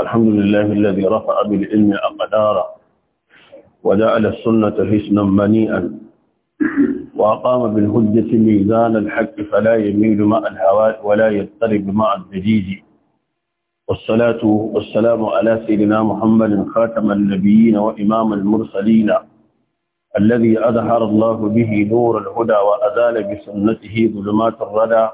الحمد لله الذي رفع بالعلم أقدارا وجعل السنة حسنا منيئا وأقام بالهجة ميزان الحق فلا يميل مع الهواء ولا يضطرب مع الدجيج والصلاة والسلام على سيدنا محمد خاتم النبيين وإمام المرسلين الذي أظهر الله به نور الهدى وأزال بسنته ظلمات الردى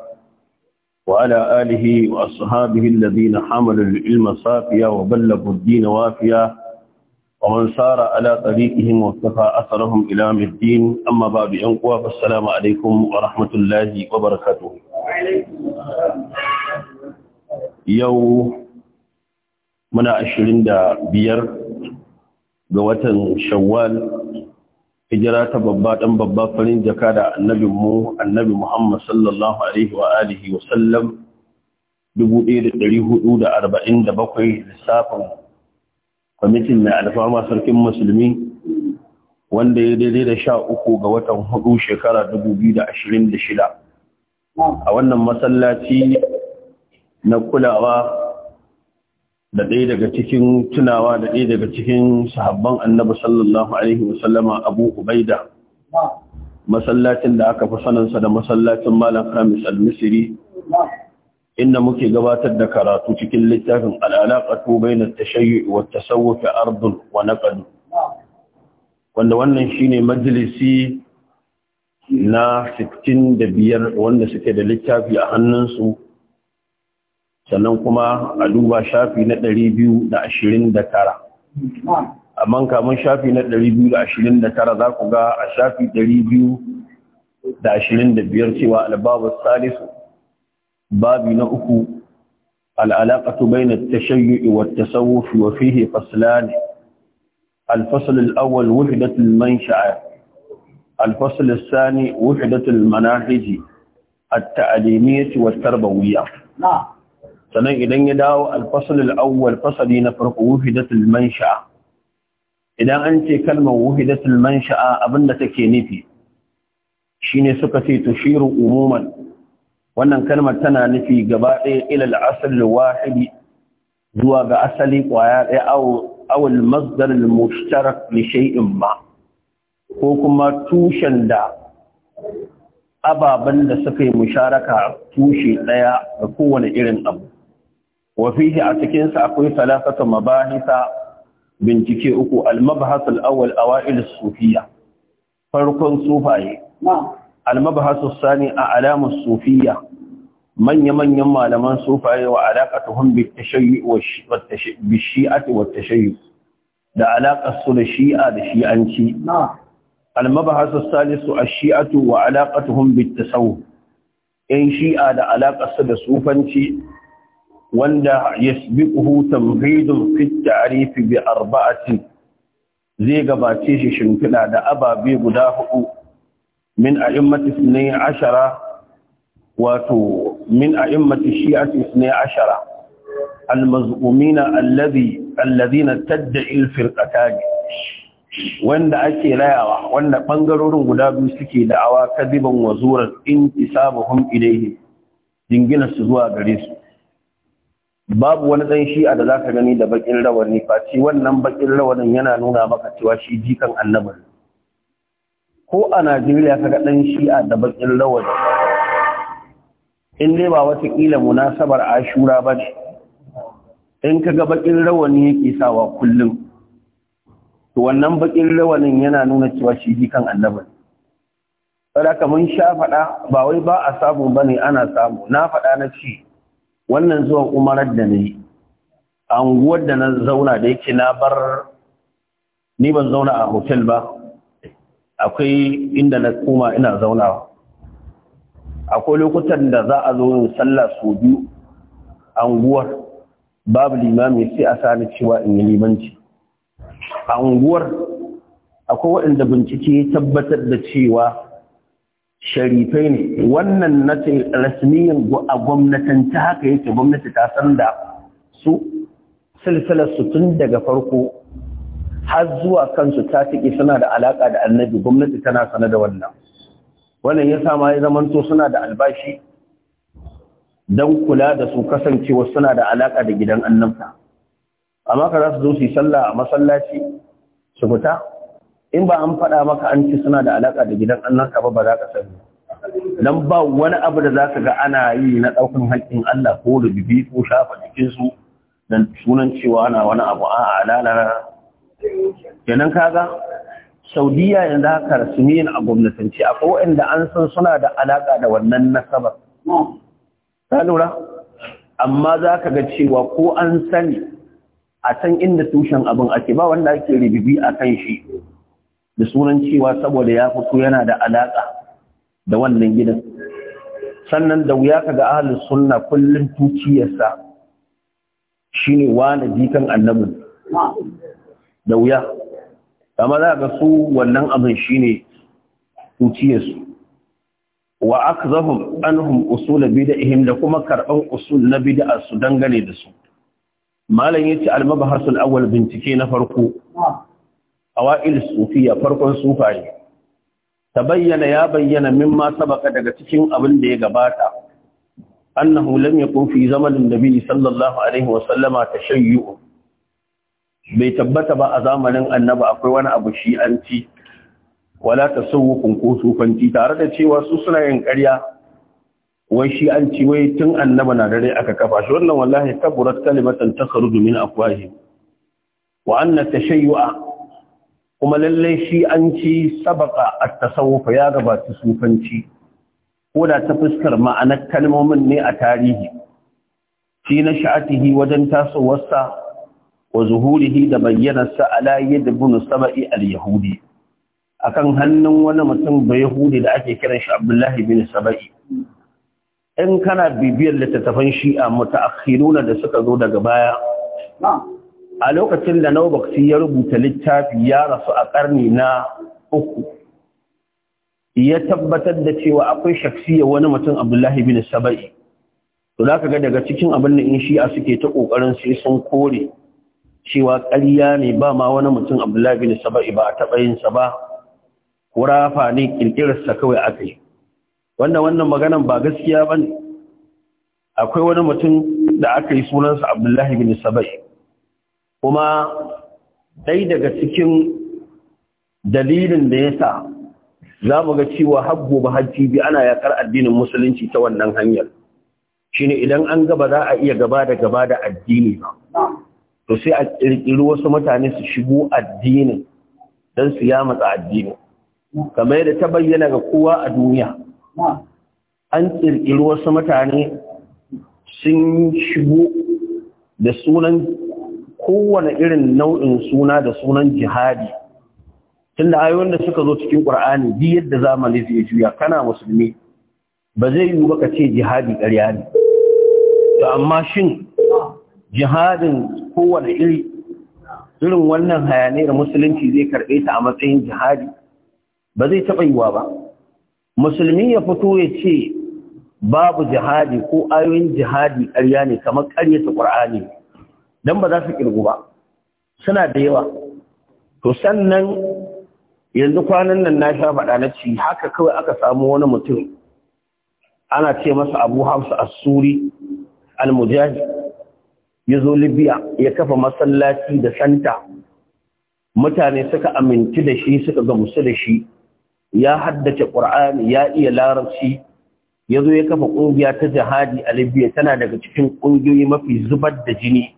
وعلى آله وأصحابه الذين حملوا العلم صافيا وبلغوا الدين وافيا ومن سار على طريقهم واصطفى أثرهم إلى الدين أما بعد أنقوا فالسلام عليكم ورحمة الله وبركاته يوم muna ashirin da biyar ga watan shawwal hijira ta babba dan babba farin jaka da annabi mu annabi Muhammad sallallahu alaihi wa alihi wa sallam 1447 lissafin kwamitin mai alfama sarkin musulmi wanda ya daidai da sha uku ga watan hudu shekara 2026 a wannan masallaci na kulawa da ɗaya daga cikin tunawa da ɗaya daga cikin sahabban annabi sallallahu alaihi wasallama abu ubaida masallacin da aka fi sanansa da masallacin malam kamis al-misri inda muke gabatar da karatu cikin littafin al'alaƙatu bai na tashayyu wa tasawufi ardun wa naƙadu wanda wannan shine majalisi na 65 wanda suke da littafi a hannunsu sannan kuma a duba shafi na 229 man kamun shafi na 229 za ku ga a shafi 225 cewa albabu salisu babi na uku al'alaƙatu bai na tashayyu'i wata sauwufi wa fihe fasilani الفصل الأول وحدة المنشأ الفصل الثاني وحدة المناهج التعليمية والتربوية نعم sannan idan ya dawo alfasalul awwal fasali na farko wuhidatul sha'a. idan an ce kalmar wuhidatul abin abinda take nufi shine suka ce tushiru umuman wannan kalmar tana nufi gaba ɗaya ilal asal wahidi zuwa ga asali kwaya ɗaya awul masdar mushtarak li ma ko kuma tushen da ababen da suka yi musharaka tushe ɗaya ga kowane irin abu وفيه cikinsa akwai ثلاثة مباحث bincike uku al-mabhas al-awwal awail as-sufiyya farkon sufaye al-mabhas sani a'lam as-sufiyya manya manyan malaman sufaye wa alaqatuhum bit tashayyu wa wa tashayyu da alaqar da shi'a da shi'anci salisu a shiatu wa alaqatuhum shi'a da alaqar da sufanci wanda yasbiquhu fita a ta'rif bi arba'atin zai gabace shi shimfiɗa da ababe guda hudu min a'immati sunni ashara wato min a'immati shi'ati sunni ashara almazumina wanda ake rayawa wanda ɓangarorin guda biyu suke da da'awa kadiban wazuran intisabuhum ilayhi dingina su zuwa gare su babu wani ɗan shi'a da za ka gani da baƙin rawani face wannan baƙin rawanin yana nuna maka cewa shi jikan annabar ko a najeriya ka ga ɗan shi'a da baƙin rawani in dai ba watakila munasabar ashura ba ce in ka ga baƙin rawani yake sawa kullum to wannan baƙin rawanin yana nuna cewa shi jikan annabar saboda kamar sha faɗa ba wai ba a samu ba ne ana samu na faɗa na ci wannan zuwan umarar da ne anguwar da na zauna da yake na bar ni ban zauna a hotel ba akwai inda na kuma ina zauna. akwai lokutan da za a zo yin sallah su biyu anguwar babu limami sai a sani cewa in yi limanci anguwar akwai waɗanda bincike tabbatar da cewa sharifai ne wannan na ce rasmiyin a ta haka yake gwamnati ta san da su silsilar su tun daga farko har zuwa kansu ta tiki suna da alaka da annabi gwamnati tana sana da wannan wannan ya sama ya zamanto suna da albashi don kula da su kasancewa suna da alaka da gidan annabta amma ka za su zo su yi sallah a masallaci su fita in ba an faɗa maka an ci suna da alaƙa da gidan annan ka ba ba za ka sani dan ba wani abu da za ka ga ana yi na ɗaukan haƙƙin Allah ko bibi ko shafa jikin su dan sunan cewa ana wani abu a alala kenan kaga Saudiya yanzu haka ne a gwamnatance akwai waɗanda an san suna da alaƙa da wannan nasabar ka lura amma za ka ga cewa ko an sani a can inda tushen abin ake ba wanda ake rububi a kan shi da sunan cewa saboda ya fito yana da alaƙa da wannan gidan sannan da wuya kaga ahlus sunna kullum tuciyarsa shine wani jikan annabi da wuya amma za ka su wannan abin shine tuciyarsu wa akzahum anhum usul bid'ihim da kuma karban usul na bid'a su dangane da su malam yace al-mabhasul awwal bincike na farko awa'il sufiya farkon Ta bayyana ya bayyana min ma sabaka daga cikin abin da ya gabata annahu lam yakun fi zamanin nabi sallallahu alaihi wa sallama tashayyu bai tabbata ba a zamanin annabi akwai wani abu shi an ci wala tasawwufun ko sufanci tare da cewa su suna yin ƙarya wai shi an ci wai tun annabi na dare aka kafa shi wannan wallahi kaburat kalimatan takhruju min afwahihim wa anna tashayyu'a kuma lallai shi an ci sabaka a tasawufa ya gabata sufanci ko da ta fuskar ma'anar kalmomin ne a tarihi shi na sha'atihi wajen tasowarsa wa zuhurihi da bayyanarsa ala yadda bunu saba'i al-yahudi akan hannun wani mutum bai yahudi da ake kiran shi abdullahi bin saba'i in kana bibiyar littattafan shi'a mutaakhiruna da suka zo daga baya a lokacin da naubakci ya rubuta littafi ya rasu a ƙarni na uku ya tabbatar da cewa akwai shaksiya wani mutum abdullahi bin saba'i to za ka ga daga cikin abin da in shi'a suke ta ƙoƙarin sai sun kore cewa ƙarya ne ba ma wani mutum abdullahi bin saba'i ba a taɓa yinsa ba kurafa ne ƙirƙirarsa kawai aka yi wanda wannan maganan ba gaskiya ba ne akwai wani mutum da aka yi sunansa abdullahi bin saba'i kuma ɗai daga cikin dalilin da ya sa za mu ga cewa haggo ba hajji bi ana yaƙar addinin musulunci ta wannan hanyar shine idan an gaba za a iya gaba da gaba da addini ba to sai a ƙirƙiri wasu mutane su shigo addinin don su ya matsa addini kamar yadda ta bayyana ga kowa a duniya an ƙirƙiri wasu mutane sun shigo da sunan kowane irin nau'in suna da sunan jihadi tun da ayoyin da suka zo cikin ƙur'ani bi yadda zamani zai juya kana musulmi ba zai yi baka ce jihadi ƙarya ne to amma shin jihadin kowane iri irin wannan hayaniyar musulunci zai karɓe ta a matsayin jihadi ba zai taɓa yiwa ba musulmi ya fito ya ce babu jihadi ko ayoyin jihadi ƙarya ne kamar ƙaryata ƙur'ani Don ba za su kirgu ba suna da yawa to sannan yanzu kwanan nan na sha faɗa na ci haka kawai aka samu wani mutum ana ce masa abu hafsa asuri almujahi ya zo libya ya kafa masallaci da santa mutane suka aminci da shi suka gamsu da shi ya haddace ƙur'ani ya iya larabci ya zo ya kafa ƙungiya ta jihadi a libya tana daga cikin ƙungiyoyi mafi zubar da jini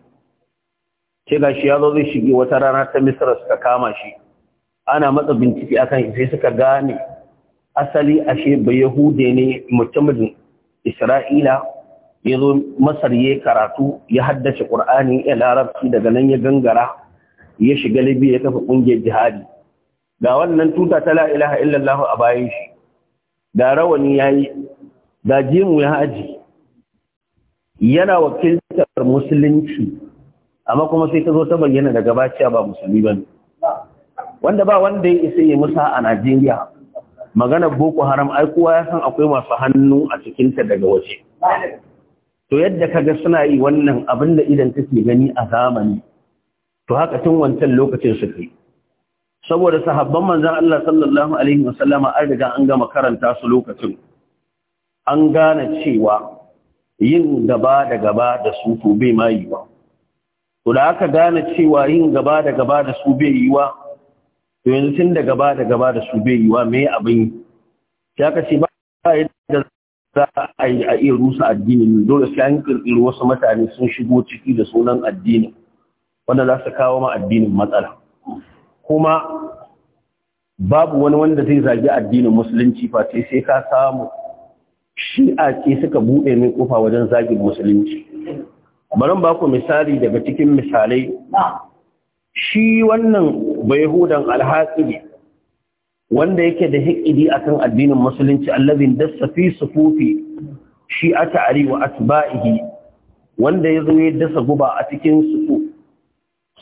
sai shi ya zo zai shige wata rana ta misra suka kama shi ana matsa bincike akan sai suka gane asali ashe bai yahude ne mutumin isra'ila ya zo masar ya karatu ya haddace ƙur'ani ya larabci daga nan ya gangara ya shiga libya ya kafa ƙungiyar jihadi ga wannan tuta ta la ilaha illallah a bayan shi da rawani yayi yi da jimu ya haji yana wakiltar musulunci amma kuma sai ta zo ta bayyana daga baciya ba musulmi ba ne wanda ba wanda ya isa ya musa a najeriya maganar boko haram ai kowa ya san akwai masu hannu a cikinta daga waje to yadda ka ga suna yi wannan abin da idan take gani a zamani to haka tun wancan lokacin su kai saboda sahabban manzon Allah sallallahu alaihi wasallama an riga an gama karanta su lokacin an gane cewa yin gaba da gaba da su to bai ma ba to da aka gane cewa yin gaba da gaba da su bai yi wa, to yanzu tun da gaba da gaba da su bai yi wa me abin yi sai aka ce ba yadda za a yi a iya rusa addini dole sai an kirkiri wasu mutane sun shigo ciki da sunan addini wanda za su kawo ma addinin matsala kuma babu wani wanda zai zagi addinin musulunci face sai ka samu shi'a ce suka buɗe mai kofa wajen zagin musulunci bari ba ku misali daga cikin misalai shi wannan bayahudan alhatsiri wanda yake da hikidi kan addinin musulunci allazin dasa fi sufufi shi ta'ari wa asba'ihi wanda ya zo ya dasa guba a cikin sufu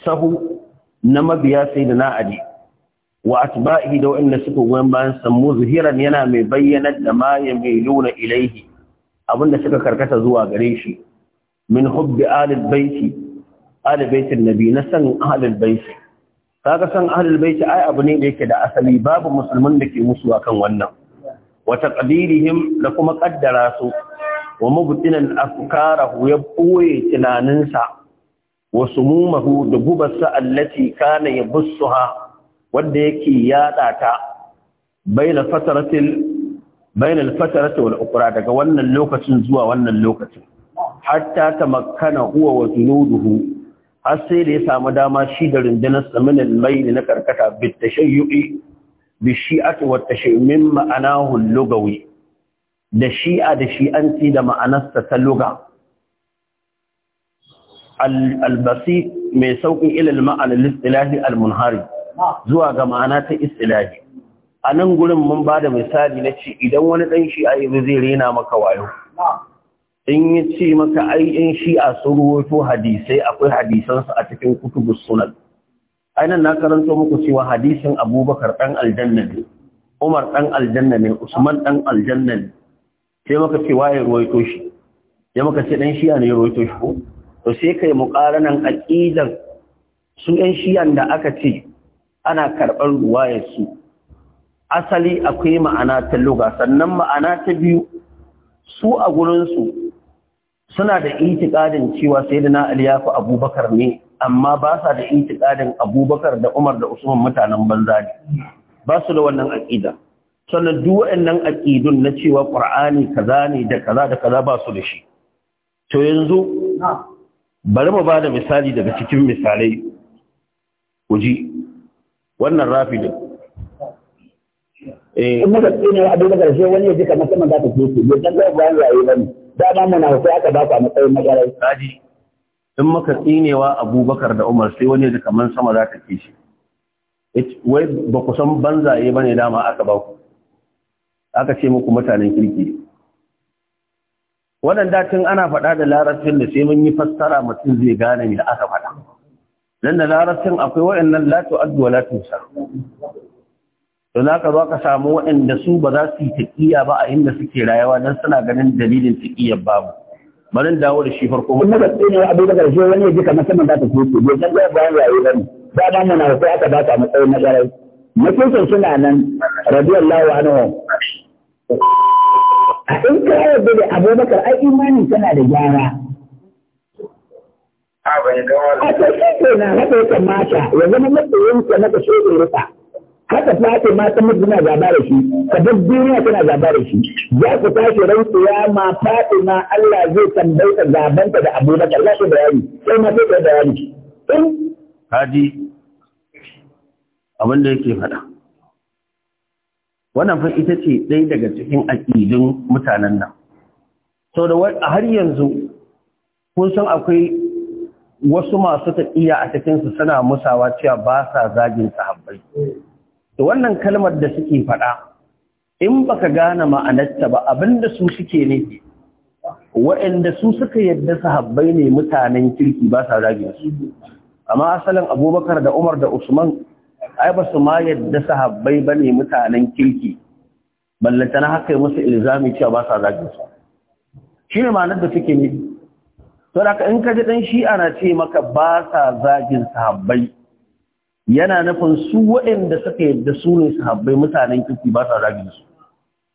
sahu na mabiya sai na ali wa asba'ihi da wanda suka goyen bayan sammu zuhiran yana mai bayyanar da ma luna ilaihi abinda suka karkata zuwa gare shi min hubbi alil baiti alil baitin nabi na san alil baiti kaga san alil baiti ai abu ne da yake da asali babu musulmin da ke musu akan wannan wa taqdirihim da kuma kaddara su wa mubtinan afkarahu ya boye tunaninsa wa sumumahu da sa allati kana yabussuha wanda yake yada ta baina fataratil bainal fatarati wal ukra daga wannan lokacin zuwa wannan lokacin hatta ta makana huwa wa junuduhu har sai da ya samu dama shi da rundunar saminin mai na karkata bit tashayyu'i bi shi'ati wa tashayyu'i ma'anahu lugawi da shi'a da shi'anci da ma'anarsa ta luga albasi mai sauƙin ilal ma'ana al almunhari. zuwa ga ma'ana ta istilahi a nan gurin mun ba da misali na ce idan wani ɗan shi'a yanzu zai rena maka wayo in yi ce maka ai shi shi'a sun ruwato hadisai akwai hadisansu a cikin kutubus sunan ainihin na karanto muku cewa hadisin abubakar ɗan aljanna ne umar ɗan aljanna ne usman ɗan aljanna ne sai maka ce waye ruwaito shi ya maka ce ɗan shi'a ne ruwaito shi ko to sai kai muƙaranan aƙidan su ɗan shi'an da aka ce ana karɓar ruwayar su asali akwai ma'ana ta luga sannan ma'ana ta biyu su a gurinsu suna da itikadin cewa sayyidina ali ya fi abubakar ne amma ba sa da itikadin abubakar da umar da usman mutanen banza ne ba su da wannan aqida sannan duk waɗannan aqidun na cewa qur'ani kaza ne da kaza da kaza ba su da shi to yanzu bari mu bada misali daga cikin misalai kuji wannan rafidin eh in muka tsine abubakar sai wani ya ji kamar sama za ta ce ce bai ga ba yayi bane dama muna sai aka ba ku a matsayin magarai kaji in muka tsinewa abubakar da umar sai wani da kamar sama za ta ke shi wai ba ku san banzaye ba ne dama aka ba ku aka ce muku mutanen kirki waɗanda tun ana faɗa da larabcin da sai mun yi fassara mutum zai gane me aka faɗa dan da larabcin akwai waɗannan la addua wa la to za ka zo ka samu waɗanda su ba za su yi taƙiya ba a inda suke rayuwa don suna ganin dalilin taƙiyar babu bari dawo da shi farko mun da tsine abu da karshe wani ya ji kamar sama da ta fice bai san da bayan rayuwa bane da dan nan na sai aka ba ta matsayin na garai mutuncin suna nan radiyallahu anhu a in ka yarda da abubakar ai imanin tana da gyara a to shi ke na haɗe ya kamata ya zama matsayin ka na ka shogin rufa haka ta ake mata mutu suna zaba da shi ka duk duniya tana zaba da shi za ku tashi ran ma fatima Allah zai tambayi ta ka da abu Bakar za ku bayani sai ma sai bayani in haji abin da yake faɗa wannan fa ita ce ɗaya daga cikin aƙidun mutanen nan sau da har yanzu kun san akwai wasu masu taƙiya a cikinsu suna musawa cewa ba sa zagin sahabbai to wannan kalmar da suke faɗa in baka gane ma'anarta ba abinda su suke ne wa'anda su suka yadda sahabbai ne mutanen kirki ba sa zagi su amma asalin abubakar da umar da usman ai ba su ma yadda sahabbai ba ne mutanen kirki ballata na haka yi musu ilzami cewa ba sa zagi su shi ne ma'anar da suke ne to da in ka ji dan shi'a na ce maka ba sa zagin sahabbai yana nufin su waɗanda suka yadda su ne sahabbai mutanen kirki ba sa zagi su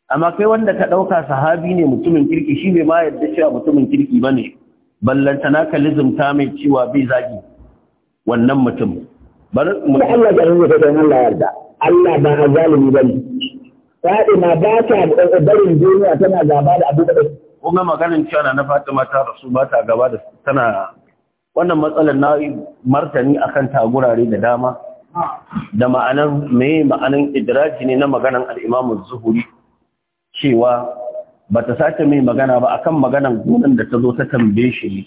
amma kai wanda ka ɗauka sahabi ne mutumin kirki shi ne ma yadda cewa mutumin kirki ba ne ballanta na kalizm ta mai cewa bai zagi wannan mutum bari mu Allah ya rubuta don Allah yarda Allah ba a zalimi ba Fadima ba ta barin duniya tana gaba da Abu Bakar kuma maganin cewa na Fatima ta rasu ba ta gaba da tana wannan matsalar na martani akan tagurare da dama da ma'anan mai ma'anar idraji ne na maganan al'imamun zuhuri cewa ba ta sace mai magana ba akan maganan gonan da ta zo ta tambaye shi ne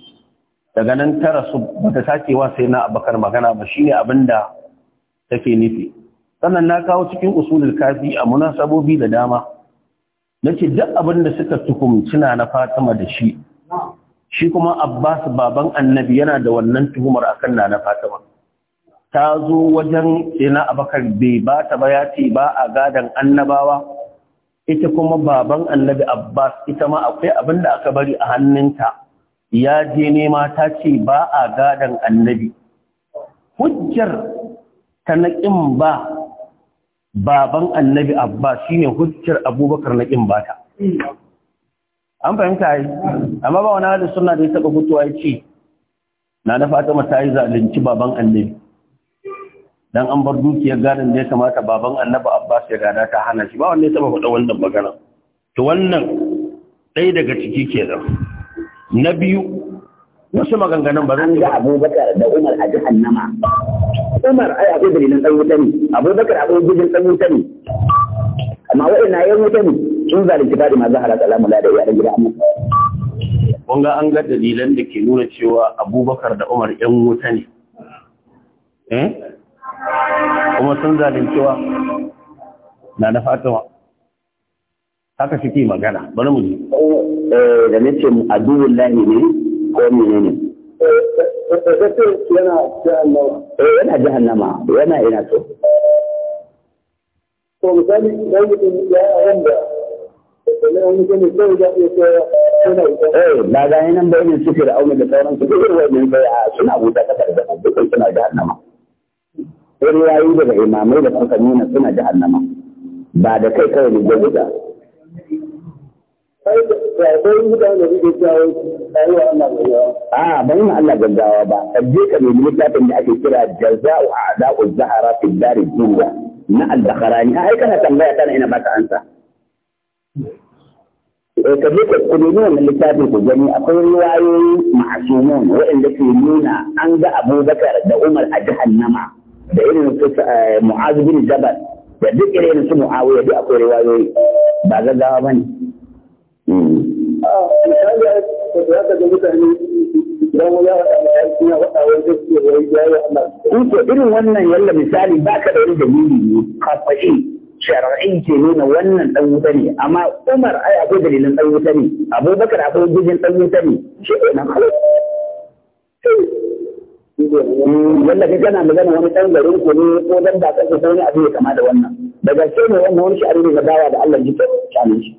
daga nan ta rasu ba ta sace wa sai na abakar magana ba shine abin da take nufi sannan na kawo cikin usulul kafi a munasabobi da dama nace duk abin da suka tukumci na na Fatima da shi shi kuma Abbas baban annabi yana da wannan tuhumar a kan nana Fatima ta zo wajen ina abakar bai ba ta ba ya ce ba a gadon annabawa ita kuma baban annabi Abbas ita ma akwai abin da aka bari a hannunta ya je nema ta ce ba a gadon annabi hujjar ta naƙin ba baban annabi Abbas shine hujjar Abubakar naƙin ba ta an fahimta yi amma ba wani hadis suna da ya taba fitowa ya ce na na fata ta yi zalunci baban annabi dan an bar dukiyar gadon da ya kamata baban annabi abbas ya gada ta hana shi ba wanda ya taɓa faɗa wannan magana to wannan ɗaya daga ciki ke da na biyu wasu maganganun ba zan ga abubakar da umar a jahannama umar ai akwai dalilin ɗan wuta ne abubakar akwai gudun ɗan wuta ne amma waɗanda yan wuta ne sun zalunci bari ma zahara salamu da iyalan gida amma kun ga an ga dalilan da ke nuna cewa abubakar da umar yan wuta ne eh? kuma sun cewa na na fatima haka suke magana bari mu ji eh, da na ce aduwun lahi ne ko mene ne eh, yana jahannama yana yana so to misali idan mutum ya wanda ba ga yi nan bayanin su fir'auna da sauran su duk wannan bai suna buta kasar da dukkan suna jahannama wani yayi daga imamai da suka nuna suna jahannama ba da kai kawai ne gwamnati a bai ma Allah gaggawa ba kaje ka nemi littafin da ake kira jaza'u a'da'u zahara fi dari dunya na al-dakharani ai kana tambaya kana ina baka ansa Eh, ka je ka ku wannan littafin ku gani akwai riwayoyi ma'asumun waɗanda ke nuna an ga Abubakar da Umar a jahannama da irin su eh, Mu'az bin Jabal da duk irin su Muawiya duk akwai riwayoyi ba gaggawa ba. Hmm. Kuka irin wannan yalla misali ba ka da wani dalili ne kafashi shar'i ke nuna wannan ɗan wuta ne amma Umar ai akwai dalilin ɗan wuta ne Abubakar akwai dalilin ɗan wuta ne shi ke nan wanda kai kana magana wani ɗan garin ku ne ko dan da kake sauni abu ya kama da wannan da gaske ne wannan wani sha'ani ne ga dawa da Allah jikin shanin shi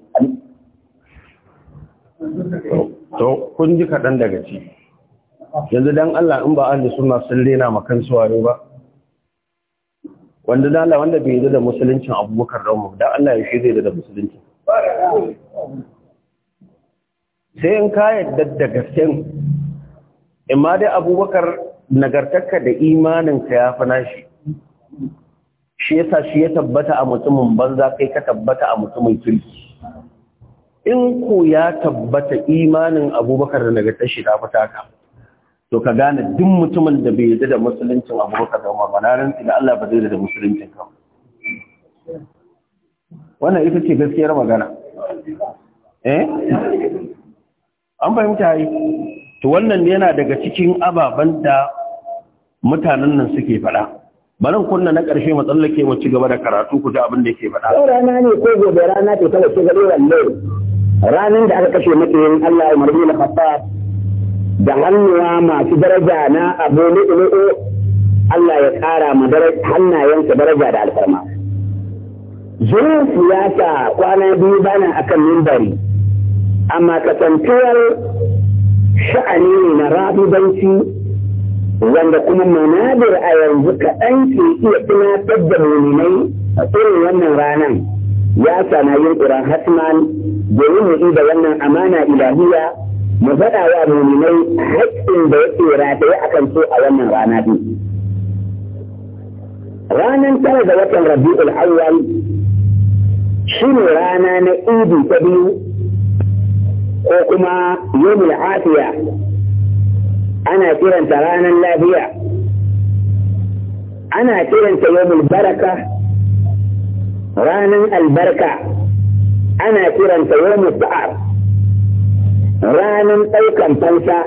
to kun ji kaɗan daga ci yanzu dan Allah in ba an da suna sun lena ma kansu ba wanda da Allah wanda bai yi da musuluncin abubakar da umar Allah ya shi zai da musulunci sai in ka yadda dadda gasken in ma dai abubakar nagartakka da imaninka ya fi nashi shi yasa shi ya tabbata a mutumin banza kai ka tabbata a mutumin kirki in ko ya tabbata imanin abubakar da nagartar shi ta fi taka to ka gane duk mutumin da bai yadda da a buka da umar banarin da Allah ba zai da musulunci ka wannan ita ce gaskiyar magana eh an fahimta yi to wannan yana daga cikin ababen da mutanen nan suke faɗa barin kunna na ƙarshe mu mu ci gaba da karatu ku da abin da yake faɗa yau rana ne ko gobe rana ce kada ce gado wallahi ranar da aka kashe mutum Allah ya marbi na fasa da hannuwa masu daraja na abu lu'lu'u Allah ya ƙara ma hannayensa daraja da alfarma. Zuwan siyasa kwana biyu bana akan mimbari, amma kasantuwar sha'ani ne na rabibanci wanda kuma manadir a yanzu kaɗan ke iya tunatar da muminai a irin wannan ranar ya sana yin ƙuran hasman domin mu da wannan amana ilahiya mu faɗa wa muminai haƙƙin da yake rataye akan so a wannan rana biyu. Ranar tara da watan Rabi'ul Awwal shi ne rana na idi ta biyu ko kuma yamul afiya ana kiranta ranar lafiya ana kiranta yamul baraka ranar albarka ana kiranta yamul ba'ar ranar ɗaukan fansa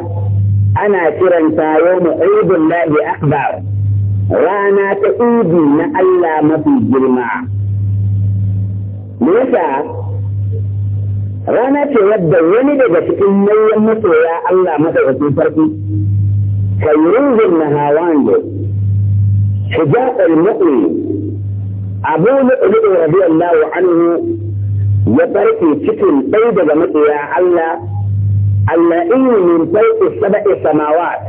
ana kiranta yau mu aibin lahi akbar rana ta idi na Allah mafi girma. Nisa rana ce wadda wani daga cikin nauyin masoya Allah maɗaukakin farki, kairun na hawan da shiga al-mu'min abu lu'ulu'u radiyallahu anhu ya farke cikin ɗaya daga masoya Allah allaini min fawqi sab'i samawat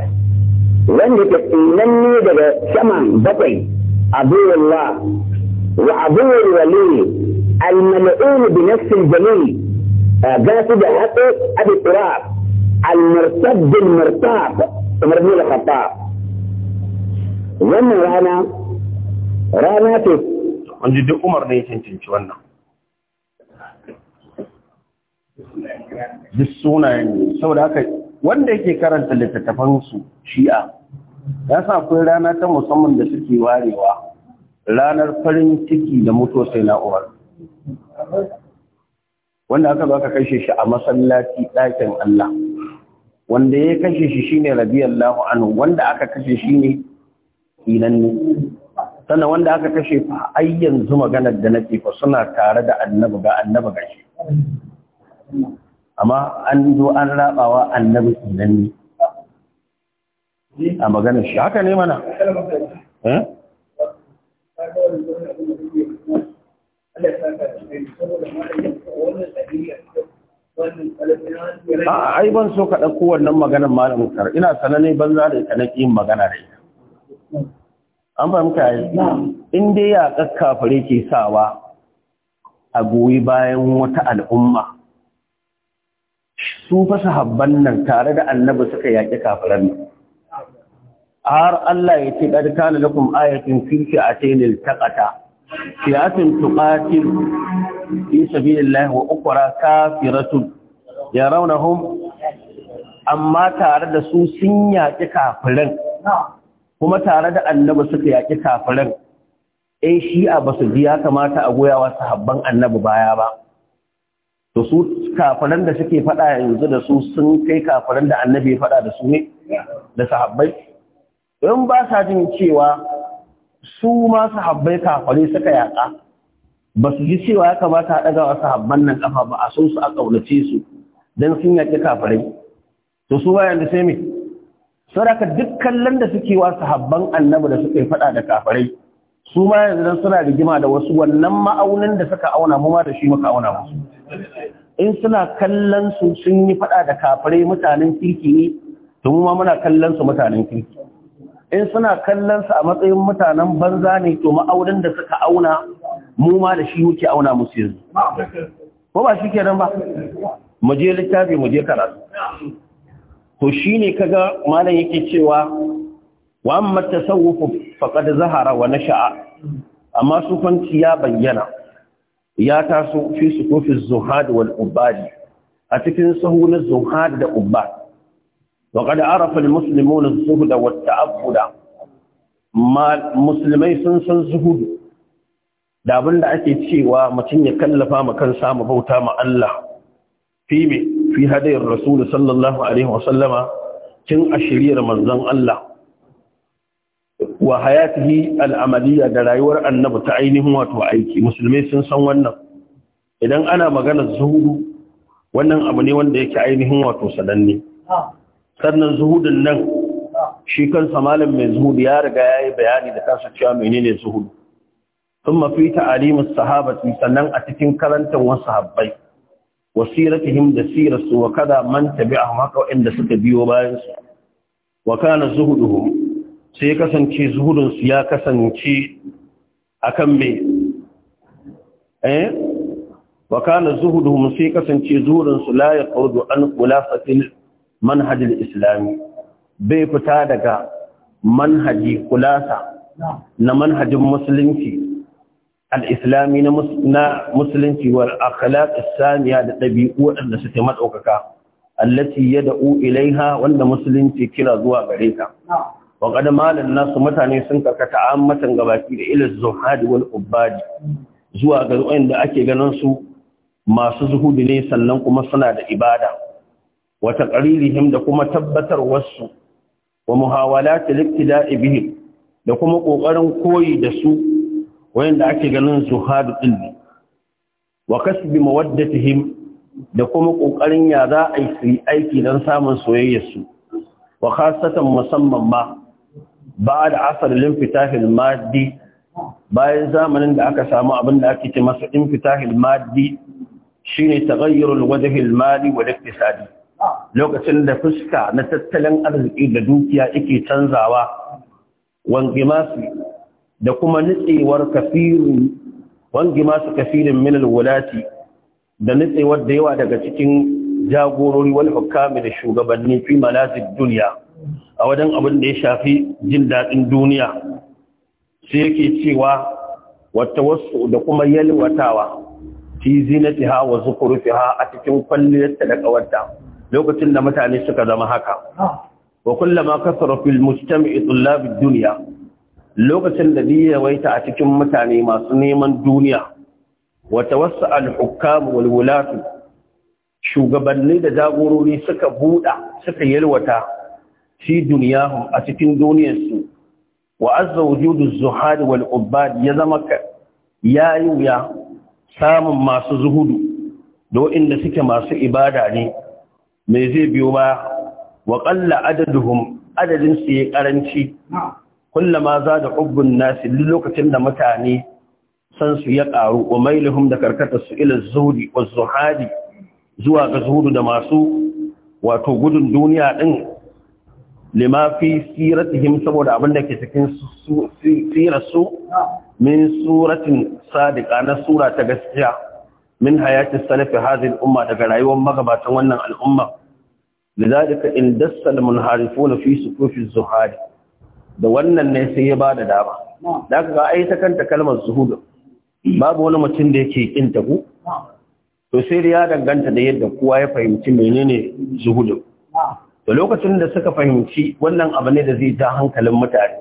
wanda ke tsinanne daga saman bakwai abuwallah wa abuwal wali al-mal'un bi nafsi al-jamil gasu da hatsi abi turab al-murtad al-murtab umar bin al-khattab wannan rana rana ce an ji duk umar ne ya cancanci wannan duk sunayen ne saboda haka wanda yake karanta littattafan su shi'a ya sa akwai rana ta musamman da suke warewa ranar farin ciki da mutuwar sai na'uwar wanda aka zo aka kashe shi a masallaci ɗakin Allah wanda ya kashe shi shine radiyallahu anhu wanda aka kashe shi ne kinan ne sannan wanda aka kashe fa ai yanzu maganar da nake fa suna tare da annabi ga annabi gashi amma an zo an rabawa annabi kenan ne a maganar shi haka ne mana eh ai ban so ka ɗauko wannan maganar malamin kar ina sanane banza da ita na yin magana da ita an fahimta yi in dai ya kakkafare ke sawa a goyi bayan wata al'umma su fasa habban nan tare da annabi suka yaƙi kafiran har Allah ya ce qad kana lakum ayatun fi fi'atayn iltaqata fi'atun tuqatil fi sabilillahi wa ukhra kafiratun yarawnahum amma tare da su sun yaƙi kafiran kuma tare da annabi suka yaƙi kafiran eh shi'a ba su ji ya kamata a goyawa sahabban annabi baya ba to su kafiran da suke faɗa yanzu da su sun kai kafiran da annabi ya faɗa da su ne da sahabbai in ba sa jin cewa su ma sahabbai kafare suka yaka ba su ji cewa ya kamata a ɗaga wasu sahabban nan kafa ba a so su a ƙaunace su don sun yaƙi kafare? to su wayan da sai me saboda duk kallon da suke wa sahabban annabi da suka yi faɗa da kafare? su ma yanzu suna rigima da wasu wannan ma'aunin da suka auna mu ma da shi muka auna musu in suna kallon su sun yi fada da kafare mutanen kirki ne to mu ma muna kallon su mutanen kirki in suna kallon su a matsayin mutanen banza ne to ma'aunin da suka auna mu ma da shi muke auna musu yanzu ko ba shi nan ba mu je littafi mu je karatu to shine kaga malam yake cewa wa amma tasawwuf faƙad zahara wa nasha'a amma sufanci ya bayyana ya taso fi sukufi zuhad wal ubadi a cikin sahu na zuhad da ubad وقد عرف المسلمون الزهد والتعبد ما مسلمai sun san zuhudu da abin da ake cewa mutum ya kallafa ma kansa mu bauta ma Allah fi me fi hadayar rasul sallallahu alaihi sallama, kin ashiriyar manzon Allah wa hayatihi al'amaliya da rayuwar annabi ta ainihin wato aiki musulmai sun san wannan idan ana maganar zuhudu wannan abu ne wanda yake ainihin wato sananne sannan zuhudun nan shi kansa malam mai zuhudu ya riga ya yi bayani da kansa cewa menene zuhudu sun mafi ta'alimin sahabati sannan a cikin karantar wasu habbai wasiratihim da sirarsu wa kada man tabi'ahum haka waɗanda suka biyo bayansu wa kana zuhuduhum sai ya kasance zuhudinsu ya kasance kan me eh wa kana zuhuduhum sai kasance zuhurinsu la yaqudu an khulafatil manhaj al-islami bai fita daga manhaji kulasa na manhajin musulunci al-islami na musulunci wal akhlaq as-samiya da dabi'u da suke madaukaka allati yad'u ilaiha wanda musulunci kira zuwa gare ka wa qad nasu mutane sun karkata amatan gabaki da ilal zuhadi wal ubbad zuwa ga wanda ake ganin su masu zuhudi ne sannan kuma suna da ibada wa taqririhim da kuma tabbatar wasu wa muhawalat al-ibtida'i bihim da kuma kokarin koyi da su wanda ake ganin zuhadu din wa kasbi mawaddatihim da kuma kokarin ya za a yi aiki don samun soyayyarsu? su wa khasatan musamman ma ba da asar limfitahil maddi bayan zamanin da aka samu abin da ake ce masa infitahil maddi shine taghayyurul wajhil mali wal iktisadi lokacin da fuska na tattalin arziki da dukiya yake canzawa masu da kuma nitsewar kafirin masu kafirin min alwulati da nitsewar da yawa daga cikin jagorori wal hukami da shugabanni fi manazil duniya. a wajen abin da ya shafi jin daɗin duniya sai yake cewa wata wasu da kuma yalwatawa fi zinatiha wa ha a cikin kwalliyarta da kawarta lokacin da mutane suka zama haka wa kullama kasara fil mujtama'i tullab ad lokacin da biya maita a cikin mutane masu neman duniya wa tawassa hukam wal wulatu shugabanni da jagorori suka buɗa suka yalwata fi duniyahum a cikin duniyarsu wa azza wujudu zuhad wal ubad ya zama ka yi wuya samun masu zuhudu da waɗanda suke masu ibada ne mai zai biyo ba wa qalla adaduhum adadin su ya karanci kullama da hubbun nasi lokacin da mutane san su ya karu wa mailuhum da karkatar su ila zuhudi wa zuhadi zuwa ga zuhudu da masu wato gudun duniya din lima fi siratihim saboda abin da ke cikin su, min suratin sadiqa na sura ta gaskiya min hayati salafi hadhihi umma daga rayuwar magabatan wannan al'umma lidhalika in dassal munharifuna fi sukufi zuhari da wannan ne sai ya bada dama da kaga ai ta kanta kalmar zuhud babu wani mutum da yake kin ta ku to sai ya danganta da yadda kowa ya fahimci menene zuhud da lokacin da suka fahimci wannan abu ne da zai ta hankalin mutane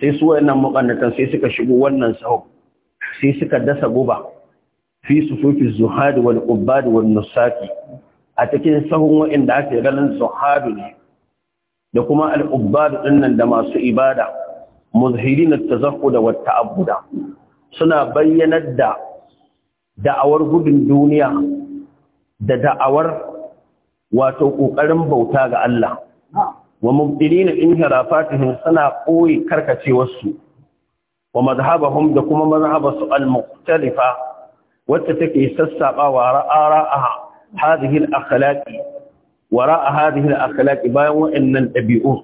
sai su wayannan mukannatan sai suka shigo wannan sahu sai suka dasa guba fi sufufi zuhad wal qubbad wal nusaki a cikin sahun wayanda ake ganin zuhadu ne da kuma al ɗinnan da masu ibada muzhirin at da wata ta'abbuda suna bayyanar da da'awar gudun duniya da da'awar wato ƙoƙarin bauta ga Allah wa mubtilina in harafatihim suna ɓoye karkacewarsu wa mazhabahum da kuma mazhabasu al-muqtalifa wacce take sassabawa ra'araha hadhihi al-akhlaqi wara'a hadhihi al bayan wa'annan ɗabi'u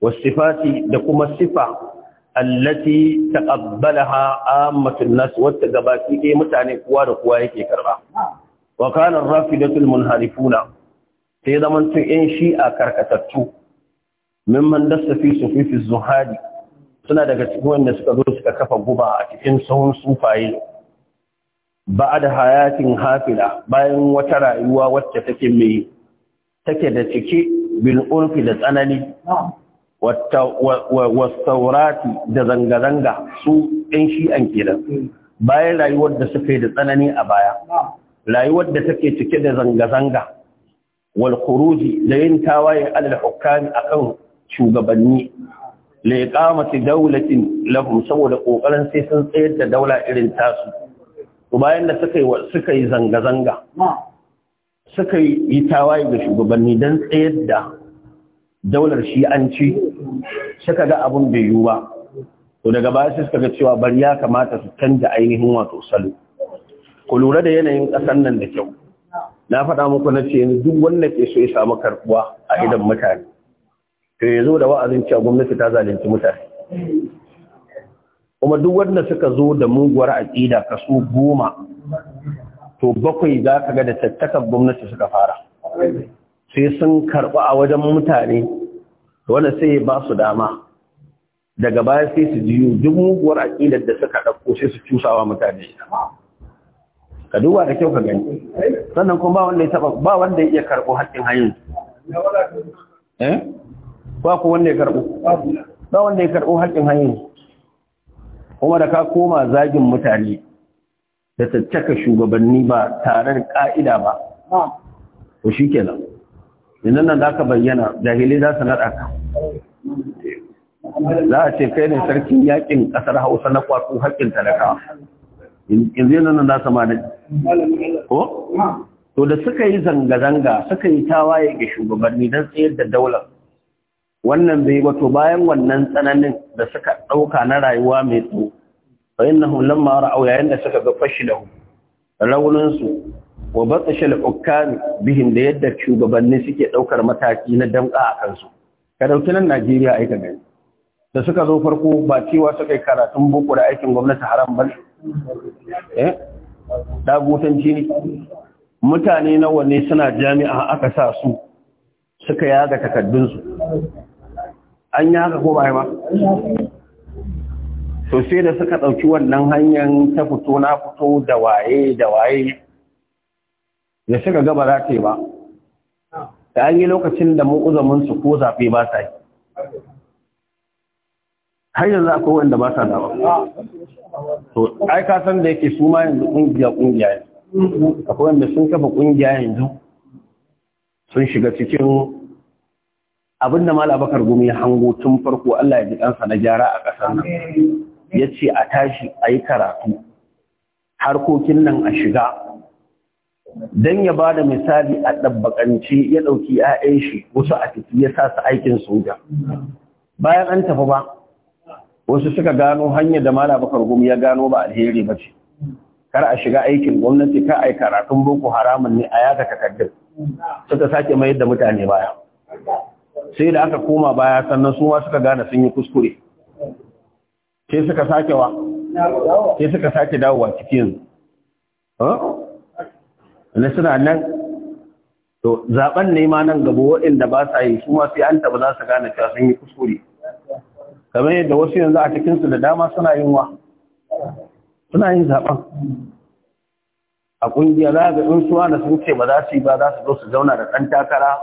was-sifati da kuma sifa allati taqabbalaha ammatun nas wata gabaki dai mutane kuwa da kowa yake karba wa kana ar munharifuna sai zaman tun yan a karkatattu mimman dasta fi su zuhadi suna daga cikin wanda suka zo suka kafa guba a cikin sahun sufaye ba da hayatin hafila bayan wata rayuwa wacce take mai take da cike bin urfi da tsanani wastaurati da zanga-zanga su ɗan an kenan bayan rayuwar da suka yi da tsanani a baya rayuwar da take cike da zanga-zanga Walkuruji da yin tawaye alal hukami akan shugabanni la iqamati daulatin lahum saboda kokarin sai sun tsayar da daula irin tasu bayan da suka yi zanga zanga suka yi tawaye ga shugabanni dan tsayar da daular shi'anci, an suka ga abun bai yiwu ba to daga baya sai suka ga cewa bari ya kamata su canja ainihin wato salo ku lura da yanayin ƙasar nan da kyau na faɗa muku na ce ni duk wanda ke so ya samu karbuwa a idan mutane to ya zo da wa'azin cewa gwamnati ta zalunci mutane kuma duk wanda suka zo da muguwar aƙida kaso goma to bakwai za ka ga da tattakan gwamnati suka fara sai sun karɓi a wajen mutane wanda sai ya ba su dama daga baya sai su jiyo duk muguwar aƙidar da suka ɗauko sai su cusawa mutane ka duba da kyau ka gani sannan kuma ba wanda ya taba ba wanda ya iya karbo haƙƙin hayin eh ba ku wanda ya karbo ba wanda ya karbo haƙƙin hayin kuma da ka koma zagin mutane da tattaka shugabanni ba tare da ka'ida ba to shikenan idan nan da aka bayyana jahilai za su naɗa ka za a ce kai ne sarkin yakin ƙasar hausa na kwato haƙƙin talaka yanzu yana nan za su ko? to da suka yi zanga-zanga suka yi tawaye ga shugabanni don tsayar da daular wannan bai wato bayan wannan tsananin da suka ɗauka na rayuwa mai tsawo bayan na hulun mara au yayin da suka ga fashi da rauninsu wa batsa ukkan bihin da yadda shugabanni suke ɗaukar mataki na damƙa a kansu ka ɗauki nan najeriya aika gani da suka zo farko ba cewa suka yi karatun boko da aikin gwamnati haram ba ne eh dagutanci ne mutane nawa ne suna jami'a aka sa su suka yaga takaddunsu an yi ko ba ba to sai da suka ɗauki wannan hanyar ta fito na fito da waye da waye da suka gaba za ta yi ba ta an yi lokacin da mu uzamin su ko zaɓe ba sa yi har yanzu akwai wanda ba sa dawa to ai ka san da yake su ma yanzu kungiya kungiya yanzu akwai wanda sun kafa kungiya yanzu sun shiga cikin da mal Bakar gumi hango tun farko Allah ya ji kansa na gyara a ƙasar nan ya ce a tashi a yi karatu harkokin nan a shiga don ya ba da misali a ɗabbaƙance ya ɗauki 'ya'yan shi wasu a tafi ya sa su aikin soja bayan an tafi ba wasu suka gano hanyar da mala bakar gumi ya gano ba alheri ba ce kar a shiga aikin gwamnati ka a yi karatun boko haramun ne a yada takardun suka sake mayar da mutane baya sai da aka koma baya sannan su ma suka gane sun yi kuskure sai suka sake wa sai suka sake dawowa cikin na suna nan to zaben ne ma nan gabo waɗanda ba sa yi su ma sai an taba za su gane cewa sun yi kuskure kamar yadda wasu yanzu a cikinsu da dama suna yin wa suna yin zaɓen a ƙungiya za ga in suwa da sun ce ba za su yi ba za su zo su zauna da ɗan takara